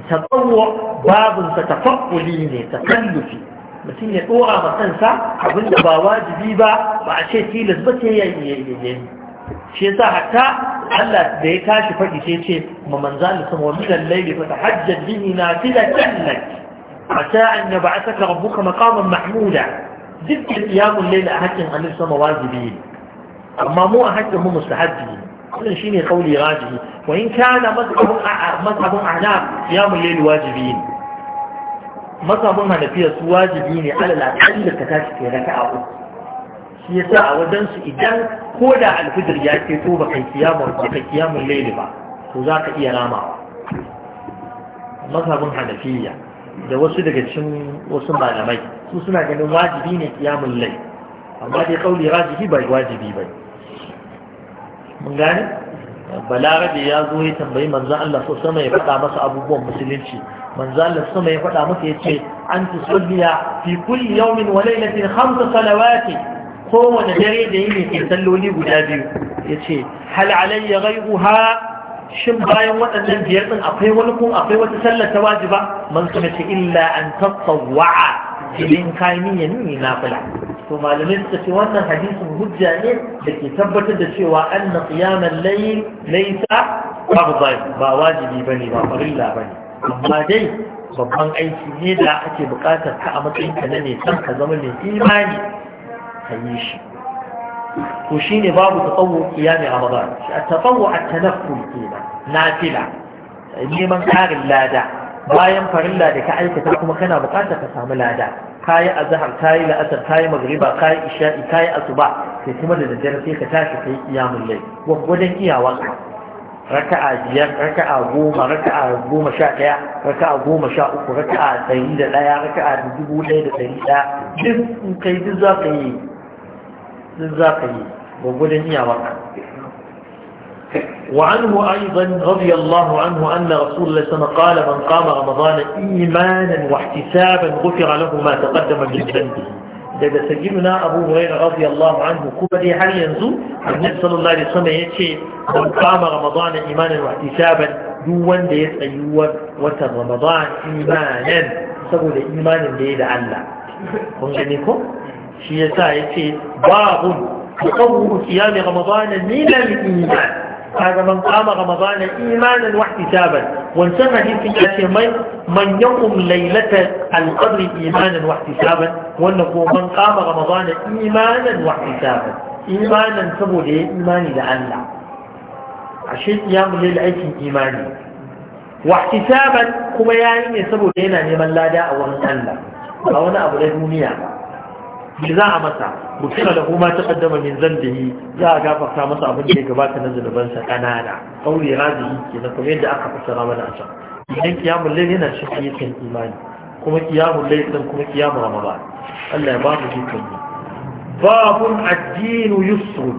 tatawwa babun sa tafakkuli ne takallufi mutum ya dora ma kansa abinda ba wajibi ba ba a ce tilas ba sai ya yi shi yasa hatta Allah da ya tashi faɗi sai ce ma manzalin sama wani lallai bai fata hajjar bihi na fila Aca عسى أن يبعثك ربك مقاما Mahmuda. ذلك القيام الليل أحكي أن نفسنا واجبين أما مو أحكي مو مستحبين كل شيء قولي راجعي وإن كان مذهب أعلى قيام الليل واجبين مذهب أنه نفيه واجبين على الأقل لكتاش في ركعة يسعى ودنس إدان كودا الفجر يأتيتو بقي قيام بقي قيام الليل با فذاك إيه راما مذهب أنه da wasu daga cikin wasu malamai su suna ganin wajibi ne kiyamun lai amma dai kauli rajihi bai wajibi bai mun gane balarabe ya zo ya tambayi manzan Allah so sama ya faɗa masa abubuwan musulunci manzan Allah sama ya faɗa masa ya ce an tusalliya fi kulli yawmin wa lailatin khamsa salawati kowane dare da yini ke salloli guda biyu yace hal alayya ghayruha shin bayan waɗannan biyar ɗin akwai wani kun akwai wata sallar ta wajiba man kuma ce illa an tasawwa'a idan kayi niyyar ni na fula to malamai suka ce wannan hadisin hujja ne da ke tabbatar da cewa an na qiyamal layl laysa ba wajibi ne ba farilla ne. amma dai babban aiki ne da ake buƙatar ka a matsayin ka na ne san ka zama mai imani ka yi shi to shine babu tsawo kiyami ramadan tsawo a tanafful kenan nafila neman karin lada bayan farilla da ka aikata kuma kana bukatar ka samu lada kayi azhar kayi la'asar kayi magriba kayi isha'i kayi asuba sai kuma da daddare sai ka tashi kai kiyamul layl gwagwadon iyawanka raka'a biyar raka'a goma raka'a goma sha ɗaya raka'a goma sha uku raka'a ɗari da ɗaya raka'a dubu ɗaya da ɗari ɗaya duk kai duk za ka yi نزاقي وقول إني أبقى وعنه أيضا رضي الله عنه أن رسول الله سنة قال من قام رمضان إيمانا واحتسابا غفر له ما تقدم من جنبه لذا سجلنا أبو غير رضي الله عنه كبري هل ينزو النبي صلى الله عليه وسلم يتشي من قام رمضان إيمانا واحتسابا دون ليس أيوة وتر رمضان إيمانا سبو لإيمان ليد الله كنت في يسائتي باب تطور صيام رمضان من الإيمان هذا من قام رمضان إيمانا واحتسابا وانسمى في الأسيمين من يقوم ليلة القدر إيمانا واحتسابا وانه من قام رمضان إيمانا واحتسابا إيمانا سبب إيمان لعلا عشان يام ليلة إيماني واحتسابا كما يعني سبب لنا لمن لا داء وانسان أو أنا أبو الدنيا me za a masa mutum da kuma ta kaddama min zambihi za a gafarta masa abin da ya gabata na zunuban zunubansa kanana kauri razihi ke na kuma yadda aka fassara mana a can idan kiyamun lai yana shi ayyukan imani kuma kiyamun lai din kuma kiyamun ramadan Allah ya ba mu jikin mu Babu addinu yusru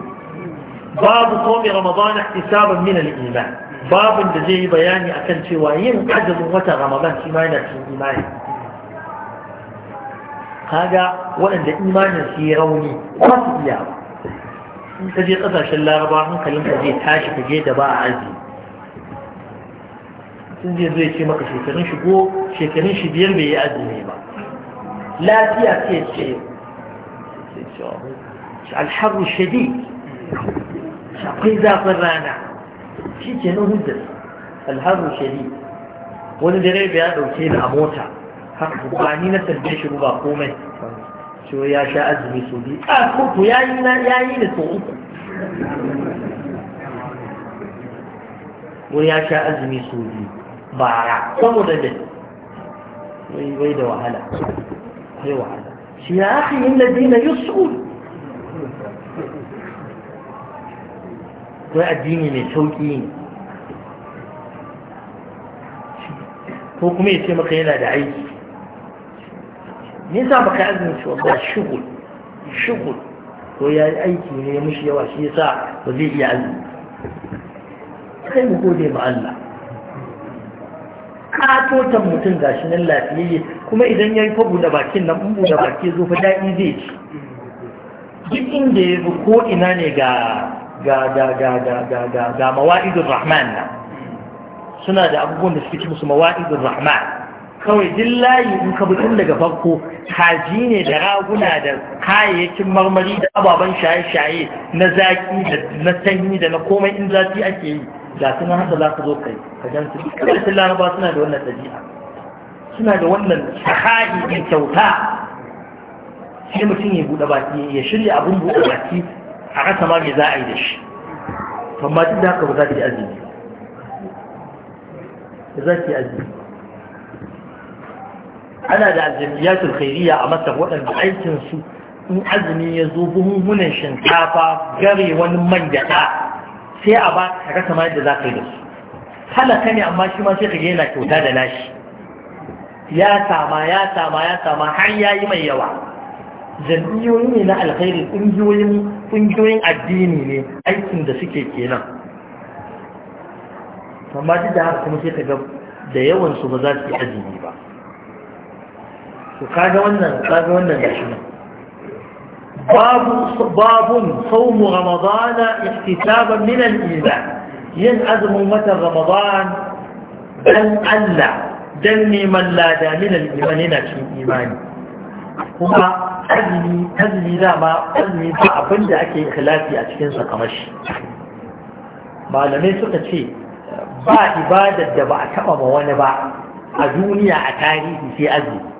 babu qawmi ramadan ihtisaban min al-iman babu da zai yi bayani akan cewa yin azumin watan ramadan shi ma yana cikin imani kaga waɗanda imanin su yi rauni ba su iya in ka je ƙasashen laraba hankalin ka zai tashi ka je da ba a azumi sun je zai ce maka shekarun shigo shekarun shi biyar bai yi azumi ba lafiya ce ce oh, alharu shadi akwai zafin rana shi ke na hujjar alharu shadi wani dare bai ya ɗauke ni a mota ba ni na tambaye shi ba komai so ya sha azumi so biyu a kurku ya yi na ya yi ne so uku wai ya sha azumi so biyu bara saboda da wai wai da wahala wai wahala shi ya ake yin ladina yusul wai addini mai sauki ne ko kuma ya ce maka yana da aiki me yasa baka azumin shi ba shugul shugul ko ya yi aiki ne mushi yawa shi yasa ba zai iya azumi kai mu gode ma Allah katotan mutum gashi nan lafiyayye kuma idan ya yi fa da bakin nan in buɗe baki zo fa daɗi zai ci duk inda ya zo ko ina ne ga ga ga ga ga ga ga ga mawa'idun rahman nan suna da abubuwan da suke ci musu mawa'idun rahman kawai duk layi in ka tun daga farko kaji ne da raguna da kayayyakin marmari da ababen shaye-shaye na zaki da na sanyi da na komai in zafi ake yi ga su nan haka za ka zo kai ka gan su kawai sun laraba suna da wannan ɗabi'a suna da wannan saha'i da kyauta sai mutum ya buɗe baki ya shirya abin buɗe baki a rasa ma me za a yi da shi amma duk da haka ba za ki azumi ba za ki azumi ana da aljamiyatul khairiyya a masar waɗanda aikin su in azumi ya zo buhunhunan shinkafa gare wani man sai a ba ka rasa ma yadda za ka yi da su halaka ne amma shi ma sai ka yana kyauta da nashi ya sama ya sama ya sama har ya yi mai yawa jam'iyyoyi ne na alkhairi ƙungiyoyin addini ne aikin da suke kenan amma duk da haka kuma sai ka ga da yawansu ba za su yi azumi ba Ku kaga wannan kaga wannan da shi babu babun sawmu ramadana ihtisaban min al-iman yin azumin watan ramadan dan Allah dan neman lada min al-iman yana cikin imani kuma azumi azumi dama azumi ba abin da ake ikhlasi a cikin sa kamar shi malamai suka ce ba ibadar da ba a taba ma wani ba a duniya a tarihi sai azumi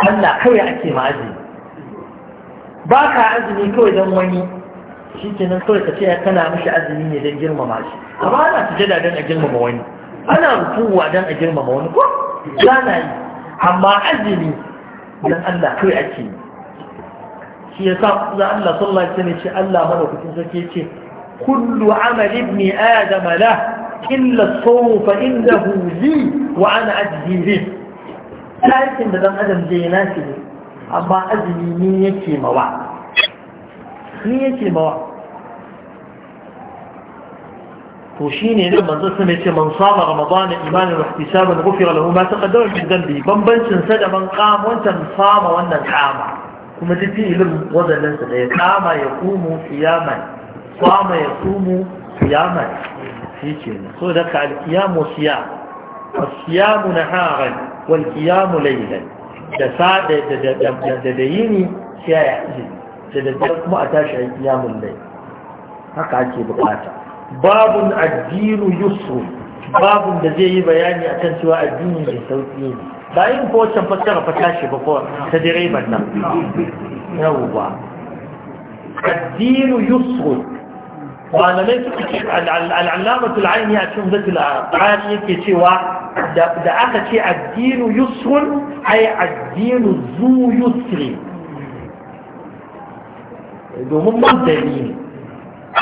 Allah kawai ake ma azumi ba ka azumi kawai don wani shi kenan kawai ka ce tana mishi azumi ne don girmama shi amma ana sujada don a girmama wani ana rukuwa don a girmama wani ko na yi amma azumi don Allah kawai ake yi shi ya sa za Allah sallallahu alaihi wasallam ce Allah mana madaukakin sarki ce kullu amal ibni adam la illa sawfa indahu li wa ana ajzi aikin da dan adam zai na shi ne amma azumi ni yake mawa ni yake mawa to shi ne nan manzo sun ce man sama ramadana imanin da ihtisaban ghufira lahu ma taqaddama min dhanbi bambancin sa da ban kama, wannan sama wannan kama? kuma duk ilimin wadannan sa da ya kama ya kumu qiyaman qama ya kumu qiyaman shi ke so da ka al-qiyam wa siyam as-siyam naharan wal qiyamu da sa da da da yini sai ya yi da da kuma a tashi yi qiyamul lai. haka ake bukata babun addinu yusru babun da zai yi bayani a kan cewa addini mai sauki ne ba yin ko fassara fa tashi ba kowa ta direban nan ba. addinu yusru malamai suka ce al'allamatul aini a cikin zatul arabani yake cewa da aka ce addinu yusrun ai addinu zu yusri domin mazdari ne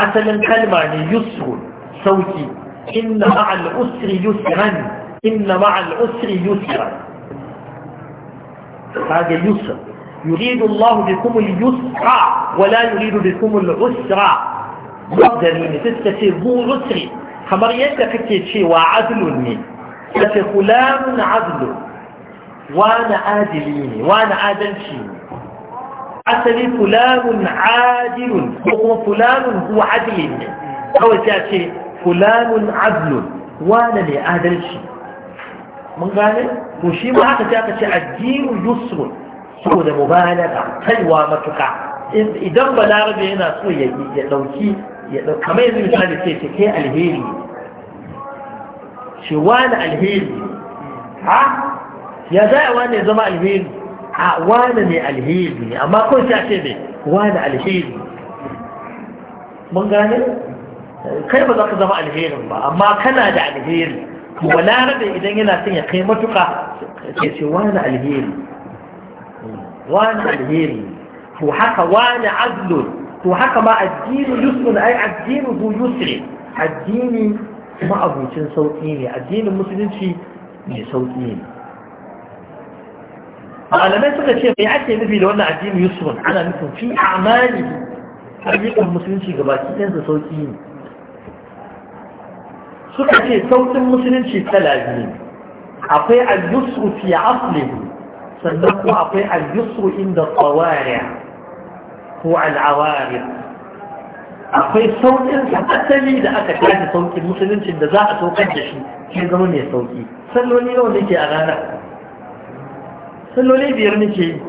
asalin kalma ne yusrun sauki inna ma'al usri yusran inna ma'al usri yusran kaga yusr يريد الله بكم اليسرى ولا يريد بكم العسرى مصدري ne sai suka ce hu kamar yadda kake cewa adlun ne ka ce fulanun adlun wani adili ne wani adalci ne asali fulanun adilun ko kuma fulanun kuwa adilin ne kawai sai a ce fulanun adlun wani ne adalci mun gane to shi ma haka sai aka ce addinu yusrun saboda mubalaga kaiwa matuka idan balarabe yana so ya dauki ya ɗau kamar yanzu misali ce ce kai alheri shi wani alheri ha ya za a wani zama alheri a wani ne alheri amma ko sai a ce ne wani alheri mun gane kai ba za ka zama alherin ba amma kana da alheri wala rabe idan yana son ya kai matuka sai ce wani alheri wani alheri to haka wani azlun to haka ma addini yusrun ai addini zu yusri addini kuma abincin sauƙi ne addinin musulunci mai sauƙi ne malamai suka ce mai ake nufi da wannan addini yusrun ana nufin fi amali ayyukan musulunci ga baki ɗansa sauƙi ne suka ce sauƙin musulunci tala biyu akwai al-yusru fi aslihi sannan kuma akwai al-yusru inda tsawariya ko al'awari akwai sauƙin asali da aka tashi sauƙin musuluncin da za a saukar da shi ke zama ne sauƙi salloli nawa nake a rana salloli biyar nake yi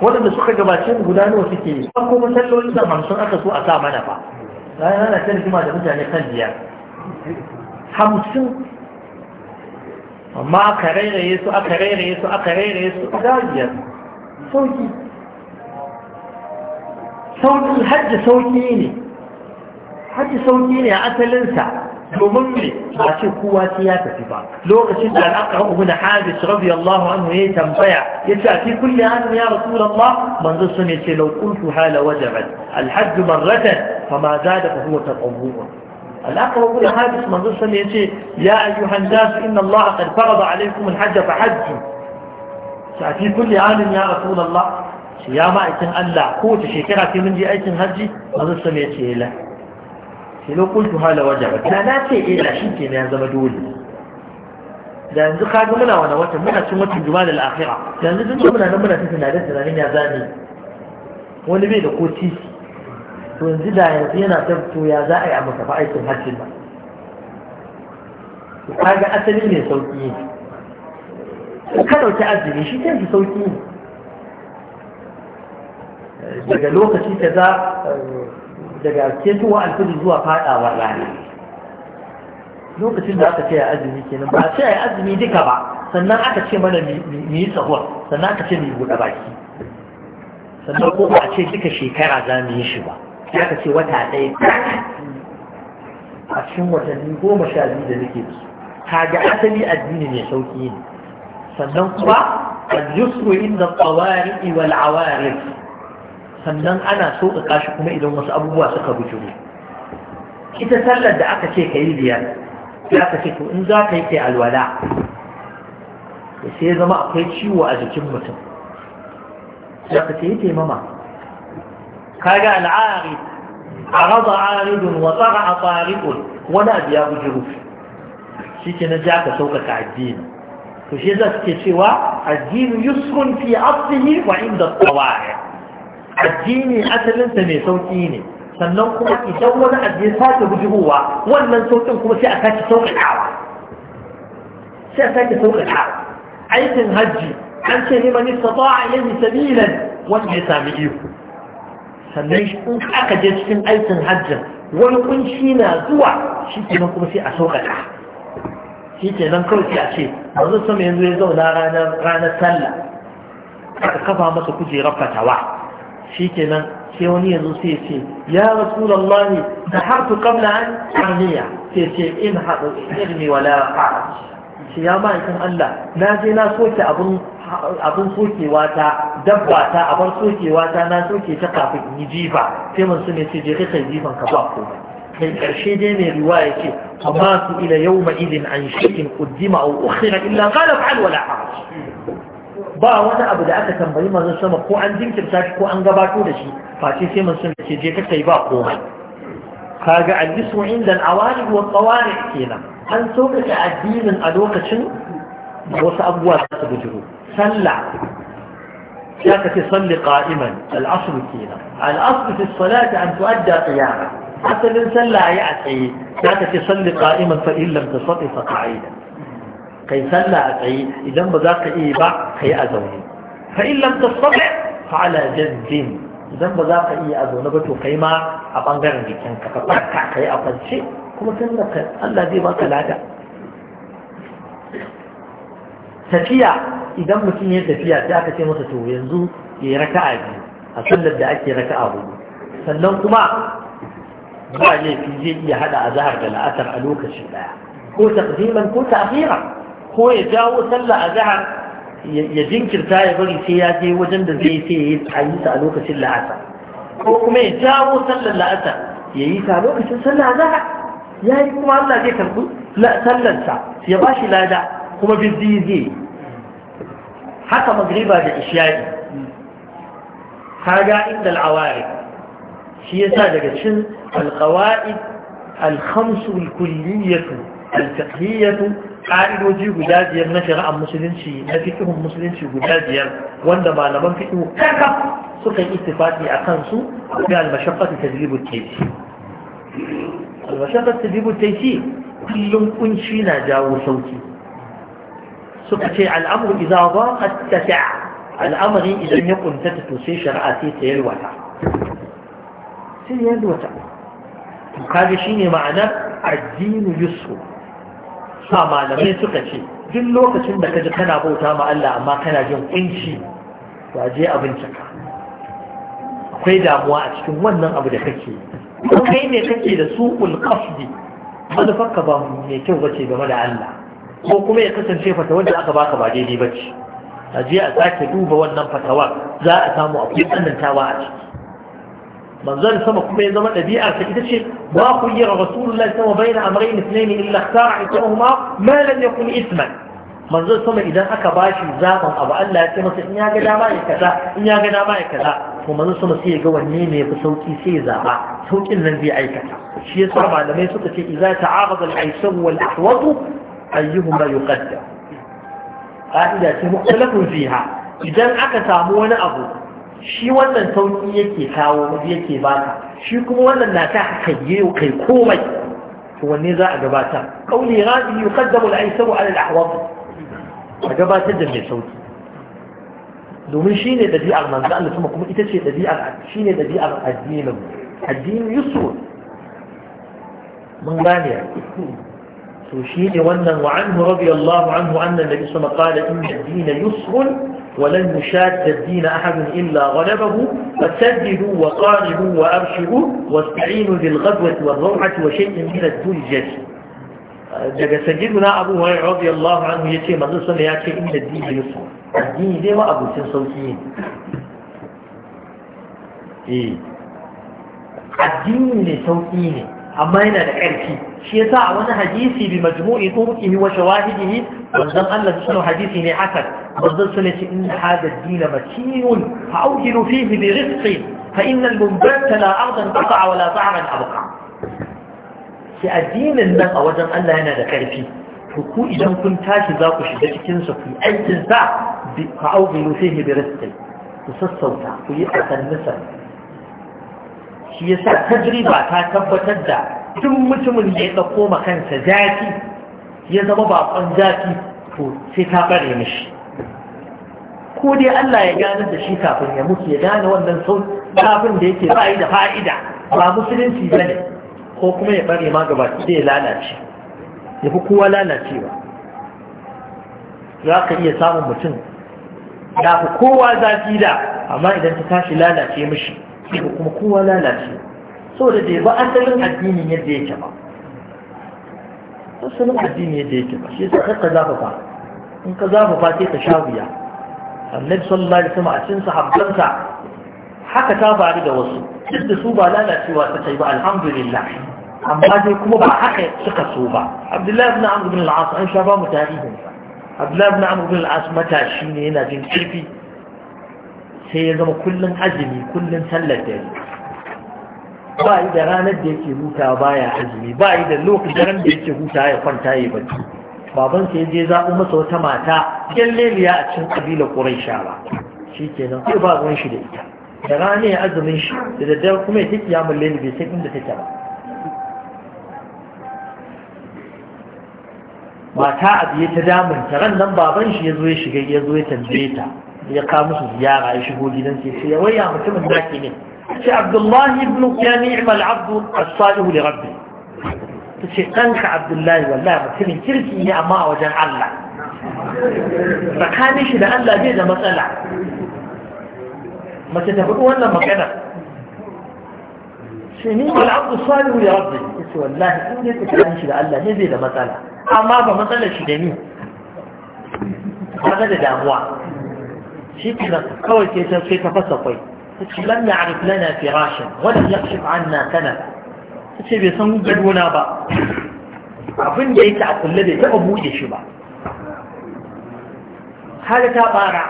waɗanda suka gabace mu guda nawa suke yi ba kuma salloli da hamsin aka so a sa mana ba bayan ana ta rigima da mutane kan biyar hamsin amma aka rairaye su aka rairaye su aka rairaye su aka biyar Sauki. الحج سوكيني حج سوكيني عسل انسى يومن لي عشي سياسة ياتفبا لو قشد أن أقرأ هنا حادث رضي الله عنه يتنبيع يسأل في كل عام يا رسول الله من ظلصني يتعطي لو قلت حال وجبت الحج مرة فما زاد فهو تقومه الأقرأ هنا حادث من ظلصني يتعطي يا أيها الناس إن الله قد فرض عليكم الحج فحج في كل عام يا رسول الله shi ya ma'aikin Allah kowace shekara sai mun je aikin hajji mazu sama ya ce la shi lokultu hala wajen ba na ce ila eh, shi ke ya zama dole da yanzu ka ga muna wani watan muna cin watan juma da al'akhira da yanzu tun muna nan muna cikin nadar tunanin ya zane wani bai da ko titi to yanzu da yanzu yana tabbato ya za a yi a masa aikin hajji ba ka ga asali mai sauki ne ka ɗauki azumi shi kanshi sauki ne daga lokaci kaza daga ketuwa alfili zuwa fadawa rana lokacin da aka ce ya azumi kenan ba a ce ya azumi duka ba sannan aka ce mana mu yi tsawon, sannan aka ce mu yi buɗe baki sannan ko ba a ce duka shekara za mu yi shi ba Ya aka ce wata ɗaya a cikin watanni goma sha biyu da nake su kaga asali addini mai sauƙi ne sannan kuma al-yusru inda tsawari wal awarif sannan ana sauƙaƙa shi kuma idan wasu abubuwa suka bujuru ita sallar da aka ce ka yi biyar ya aka ce to in za ka yi kai alwala da sai zama akwai ciwo a jikin mutum sai ka ce yi taimama ga al'ari a raba aridun wa tsara a tsarikun wani abu ya bujuru shi ke na ja ka sauƙaƙa addini to shi za su ke cewa addini yusrun fi aslihi wa inda tsawaya addini asalinsa mai sauƙi ne sannan kuma idan wani abu ya sake bujihowa wannan sauƙin kuma sai a sake sauƙaƙawa sai a sake sauƙaƙawa aikin hajji an ce ne mani sata a yanzu sabilan wanda ya sami iko sannan in aka je cikin aikin hajjin wani kunshi na zuwa shi kenan kuma sai a sauƙaƙa shi kenan kawai sai a ce yanzu sama yanzu ya zauna ranar sallah aka kafa masa kujerar fatawa kenan sai wani yanzu sai ya ce ya rasulullah da har tu qabla an aniya sai ce in hadu irmi wala haraj shi ya ba Allah na je na soke abun abun sokewa ta dabba ta bar sokewa ta na soke ta kafin in yi jifa sai mun su ne ce je kai jifan ka ba komai kai karshe dai mai ruwa ya ce amma su ila yau idin an shi'in ƙuddima a ukhira illa qala fa'al wala ba wani abu da aka tambayi manzon sama ko an jinkirta shi ko an gabato da shi face sai manzon ce je ka kai ba koma. kaga al-ismu inda al-awali wa tsawari kenan an sauƙaƙe addinin a lokacin wasu abubuwa za su bujiro sallah ya ka ce salli qa'iman al-asr kenan al-asr fi salati an tu'adda qiyama asalin sallah ya a tsaye ya ka ce salli qa'iman fa illam tasati fa qa'idan kai sallah a tsaye idan ba za ka iya ba kai a zaune fa in lam fa ala jazbin idan ba za ka iya a zaune ba to kai ma a bangaren jikinka ka farka kai a kwance kuma sallar ka Allah zai baka lada tafiya idan mutum ya tafiya sai aka ce masa to yanzu ya raka'a biyu a sallar da ake raka'a hudu sannan kuma ba laifi zai iya hada a zahar da la'asar a lokaci daya ko taqdiman ko ta'khira ko ya jawo sallah a zahar ya jinkirta ya bari sai ya je wajen da zai sai ya yi ta a lokacin la'asa ko kuma ya jawo sallar la'asa ya yi ta lokacin sallah zahar ya yi kuma Allah zai karɓi sallarsa ya ba shi lada kuma bizzi zai haka magriba da isha'i kaga inda al'awari shi yasa daga cin alƙawai الخمس الكلية الفقهية ka'idoji guda biyar na shari'ar musulunci na fikihun musulunci guda biyar wanda malaman fikihu karka, suka yi ittifaqi a kansu ga al-mashaqqatu tajlibu tayti al-mashaqqatu tajlibu tayti kullum kunci na jawo sauki suka ce al'amru idza dhaqat tasa'a al'amri idan ya kuntata to sai shari'a sai ta yalwata sai yalwata to kaga shine ma'anar addinu yusuf sa malamai suka ce duk lokacin da kaji kana bauta ma Allah amma kana jin kunci to aje a bincika akwai damuwa a cikin wannan abu da kake ko kai ne kake da su'ul qasdi manufarka ba mai kyau bace game da Allah ko kuma ya kasance fata wanda aka baka ba daidai bace aje a sake duba wannan fatawar za a samu akwai tsanantawa a ciki manzon sama kuma ya zama ɗabi'ar ta ita ce ba ku yi rasulullahi sama baina amrayn ithnayn illa ikhtara ithmahuma ma lam yakun isman manzon sama idan aka bashi zaban abu Allah ya ce masa in ya ga dama ya kaza in ya ga dama ya kaza to manzon sama sai ya ga wanne ne fi sauki sai ya zaba sauƙin nan zai aikata shi yasa malamai suka ce idza ta'arada al-aysan wal ahwatu ayyuhuma yuqaddam ka'ida ce mukhtalafun fiha idan aka samu wani abu shi wannan sauki yake kawo yake baka shi kuma wannan na ta kayye kai komai to wanne za a gabatar kauli rabi yuqaddamu al-aysaru ala al-ahwad a gabatar da mai sauki domin shine ne ɗabi'ar manzo Allah kuma kuma ita ce ɗabi'ar shi ne ɗabi'ar addinin yusuf mun gane to shi ne wannan wa anhu radiyallahu anhu anna nabi sama qala inna ad-din yusrun ولن يشاد الدين أحد إلا غلبه فسددوا وقاربوا وأرشبوا واستعينوا بالغدوة والروعة وشيء من الدول جزء سجدنا أبو هريرة رضي الله عنه يتي مدرسة لياتي إن الدين يسوى الدين دي ما أبو سنصوتيين إيه الدين سوتيين أما هنا الحركي شيء صعب أنا حديثي بمجموع طرقه وشواهده وانظر أن لسنو حديثي لحسن أفضل سنة إن هذا الدين متين فأوجل فيه برفق فإن المنبات لا أرضا تقع ولا طعما أبقى في الدين النم أوجن أن لا ينادى فيه فكو إذا كنت تاشي ذاك شدتك في أي تنسى فأوجل فيه برفق تسسوتا في أتنسى shi ya sa تاكب وتدع ثم da duk mutumin da ya ɗauko kansa zafi ya ko dai Allah ya gane da shi kafin ya mutu ya gane wannan sun kafin da yake ba da fa'ida ba musulunci ba ne ko kuma ya bari ma gaba ce ya lalace ya fi kowa lalacewa za ka iya samun mutum ya fi kowa zafi da amma idan ta tashi lalace mishi Ya kuma kowa lalace so da ba asalin addinin yadda yake ba asalin addini yadda yake ba shi yasa ka zafafa in ka zafafa sai ka sha wuya annabi sallallahu alaihi wasallam a cikin sahabbansa haka ta faru da wasu duk da su ba lalacewa ta kai ba alhamdulillah amma dai kuma ba haka suka so ba abdullahi ibn amr ibn al-as an sha ba mu tarihin abdullahi ibn amr ibn al-as matashi ne yana jin kirfi sai ya zama kullun azumi kullun sallar dare ba yi da ranar da yake hutawa baya azumi ba yi da lokacin da yake huta ya kwanta ya bacci baban sa je zaɓo masa wata mata kyalleliya a cikin ƙabilar ƙuraisha ba shi kenan sai ba ruwan shi da ita da rana ya azumin shi da daddare kuma ya take yamun leli bai san inda take ba mata abu ya ta damun ta ran nan baban shi ya zo ya shiga ya zo ya tambaye ta ya kawo musu ziyara ya shigo gidan sai sai ya waya mutumin da ke ne sai abdullahi ibn ya ni'mal abdu as-salihu li rabbi شيطان عبد الله والله مثل كرسي يا ما وجه الله فكان شيء الله بيد مسألة ما تتبقى ولا ما كان سنين العبد الصالح يا ربي اسوى الله كوني تكلم شيء الله بيد مسألة أما بمسألة شيء جميل هذا ده أموا شيء كنا كوي كيسا شيء تفسر طيب لم يعرف لنا فراشا ولم يكشف عنا كنفا ta ce bai san gadona ba abin da yake a kulle bai taɓa buɗe shi ba har ta ɓara,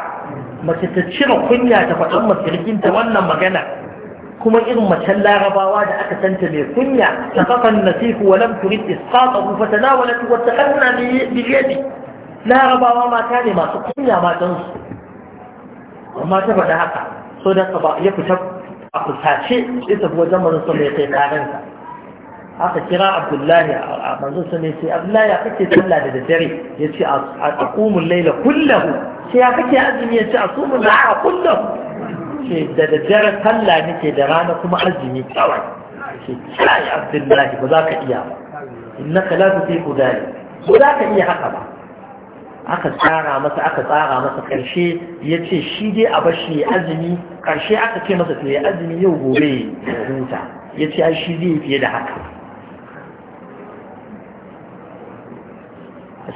mace ta cire kunya ta faɗin ta wannan magana kuma irin macen larabawa da aka santa mai kunya ta kafan nasihu wa lam turid isqata hu fatanawalat wa taqanna bi yadi larabawa mata ne masu kunya matan su amma ta faɗa haka so da ka ba ya fita a fusace sai ta wajen manzon ya kai karansa aka kira abdullahi a manzo sa ne sai abdullahi ya kake sallah da daddare ya ce a tsakumun Layla kullahu sai ya kake azumi ya ce a tsumun la'a kullahu ce da daddare sallah nake da rana kuma azumi kawai ce kai abdullahi ba za ka iya ba innaka la tutiqu dhalik ba za ka iya haka ba aka tsara masa aka tsara masa karshe ya ce shi dai a bashi azumi karshe aka ce masa to ya azumi yau gobe ya huta ya ce ai shi zai fiye da haka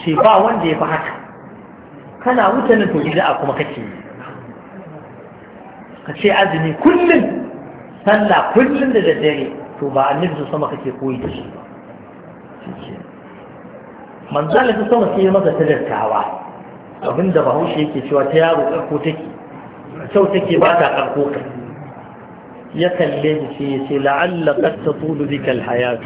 ce ba wanda ya fi haka kana wuce na to bid'a kuma kake yi ka ce azumi kullum sallah kullum da daddare to ba annabi su sama kake koyi da shi ba manzala ta sama sai masa ta dattawa abinda bahaushe yake cewa ta yaro karko take kyau take ba ta karko ka ya kalle ni sai la'alla qad tatulu bika al-hayat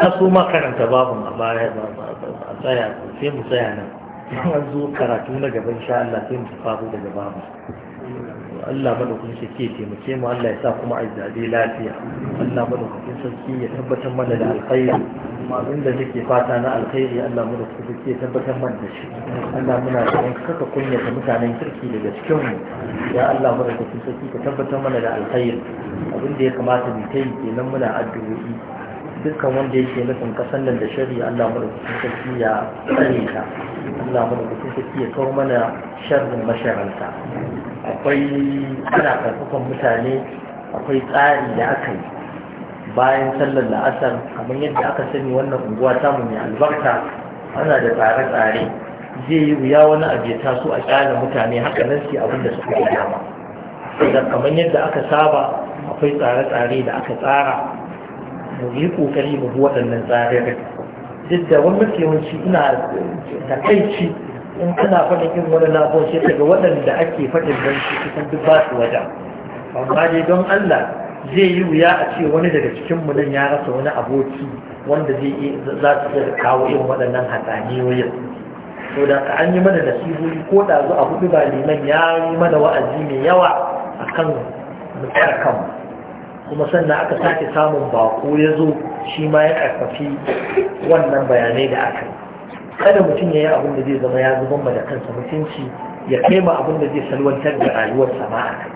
a su makaranta babu a baya ba a tsaya sai mu tsaya nan an zo karatu na gaban sha Allah sai mu faru daga babu Allah madaukakin sarki ya taimake mu Allah ya sa kuma a zabe lafiya Allah madaukakin sarki ya tabbatar mana da alkhairi abin da nake fata na alkhairi Allah madaukakin sarki ya tabbatar mana da shi Allah muna roƙon kaka kunyata mutanen kirki daga cikin mu ya Allah madaukakin sarki ka tabbatar mana da alkhairi abin da ya kamata mu kai kenan muna addu'o'i dukkan wanda yake nufin kasan nan da shari'a Allah madaukakin sarki ya tsare ta Allah madaukakin sarki ya kawo mana sharrin masharanta akwai ana karfafan mutane akwai tsari da aka yi bayan sallar la'asar kamar yadda aka sani wannan unguwa tamu mai albarka ana da tsare-tsare zai yi wuya wani abu ya taso a kyala mutane haka nan su abin da suka yi dama da kamar yadda aka saba akwai tsare-tsare da aka tsara mu yi kokari mu bi waɗannan tsare duk da wani mafi yawanci ina takaici in ana faɗin irin wani labon shi daga waɗanda ake faɗin don shi kusan duk ba su wajen amma dai don Allah zai yi wuya a ce wani daga cikin mu nan ya rasa wani aboki wanda zai za su iya kawo irin waɗannan hatsaniyoyin to da an yi mana nasihohi ko da zu a hudu ba liman ya yi mana wa'azi mai yawa akan kan kuma sannan aka sake samun bako ya zo shi ma ya karfafi wannan bayanai da aka yi kada mutum ya yi abin da zai zama ya zuban ma da kansa mutunci ya kai ma abin da zai salwantar da rayuwar ma a kai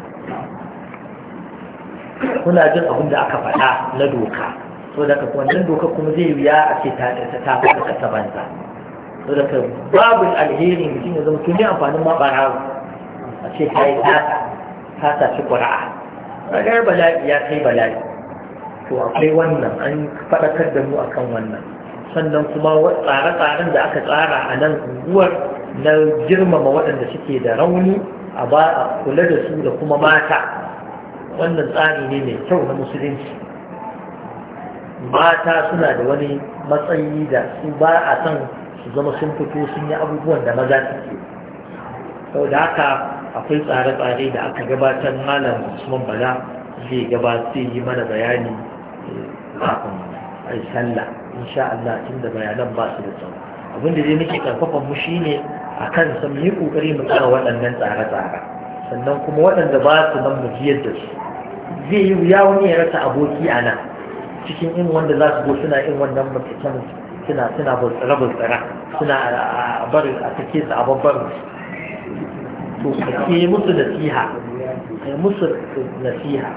kuna jin abin da aka faɗa na doka so da ka wannan doka kuma zai wuya a ce ta ta ta faɗa ta banza so da ka babu alheri mutum ya zama tuni amfanin ma ɓarawo a ce ta yi ta ta ta ci ƙura'a ragar bala'i ya kai bala'i to akwai wannan an faɗakar da mu akan wannan sannan kuma tsare-tsaren da aka tsara a nan unguwar na girmama waɗanda suke da rauni a ba a kula da su da kuma mata wannan tsari ne mai kyau na musulunci mata suna da wani matsayi da su ba a son su zama sun fito sun yi abubuwan da maza suke sau da haka akwai tsare-tsare da aka gabatar malam usman bala zai gabata yi mana bayani eh, kafin a sallah In sha Allah tun da bayanan ba su da tsawo abin da zai nake karfafa mu shine a kan san yi kokari mu tsara waɗannan tsare-tsare sannan kuma waɗanda ba su nan mu biyar da su zai yi wuya wani ya rasa aboki a nan cikin in wanda za su zo suna in wannan mutum suna suna bultsara-bultsara suna ah, a bar a take su a babbar to ke musu nasiha musu nasiha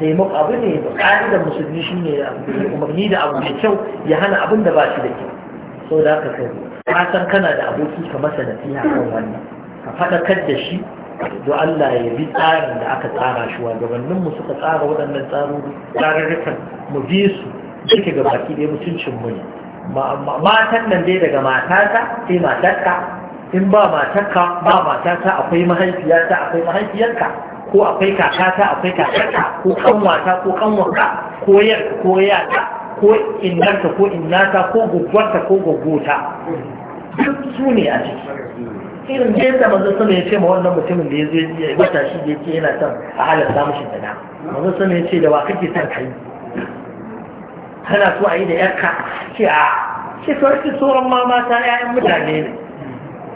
taimako abu ne ƙa'idar musulmi shi ne umarni da abu mai kyau ya hana abin da ba shi da kyau sau da aka kai ka san kana da aboki ka masa nasiha kan wannan ka kar da shi da Allah ya bi tsarin da aka tsara shi gabanin mu suka tsara waɗannan tsarori tsararrukan mu bi su duka ga baki ɗaya mutuncin mu ne matan nan dai daga matata sai matarka in ba matarka ba matata akwai mahaifiyata akwai mahaifiyarka ko akwai kakata akwai kakata ko kanwata ko kanwarka ko yarka ko ta ko innarka ko innata ko gugwarta ko gugguta duk su ne a ciki irin da yadda manzo sama ya ce ma wannan mutumin da ya zo ya wata shi da yake yana son a halatta mishi dana manzo sama ya ce da wa kake son kai kana so a yi da yarka ce a ce sarki sauran ma mata 'ya'yan mutane ne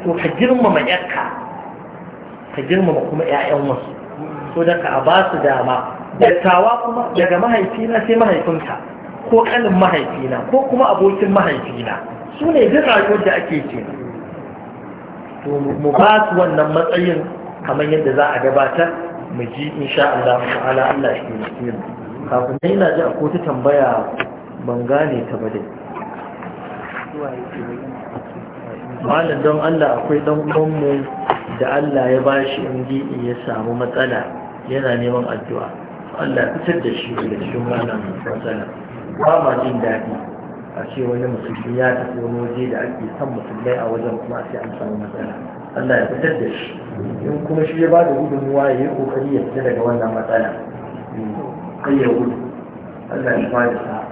to ka girmama yarka ka girmama kuma 'ya'yan wasu so daga a ba su dama dattawa kuma daga mahaifina sai mahaifinka ko kanin mahaifina ko kuma abokin mahaifina su ne duk rayuwar da ake ce to mu ba su wannan matsayin kamar yadda za a gabatar mu ji insha Allah ala, Allah shi ne kafin nan ina ji a ta tambaya ban gane ta ba dai malam don Allah akwai dan uwan mu da Allah ya bashi in e ya samu matsala yana neman addu'a Allah ya fitar da shi daga cikin wannan matsala ba ma jin daɗi a ce wani musulmi ya tafi wani waje da ake son musulmai a wajen kuma sai an samu matsala Allah ya fitar da shi in kuma shi ya ba da gudunmuwa ya yi kokari ya fita daga wannan matsala kai ya gudu Allah ya ba da sa'a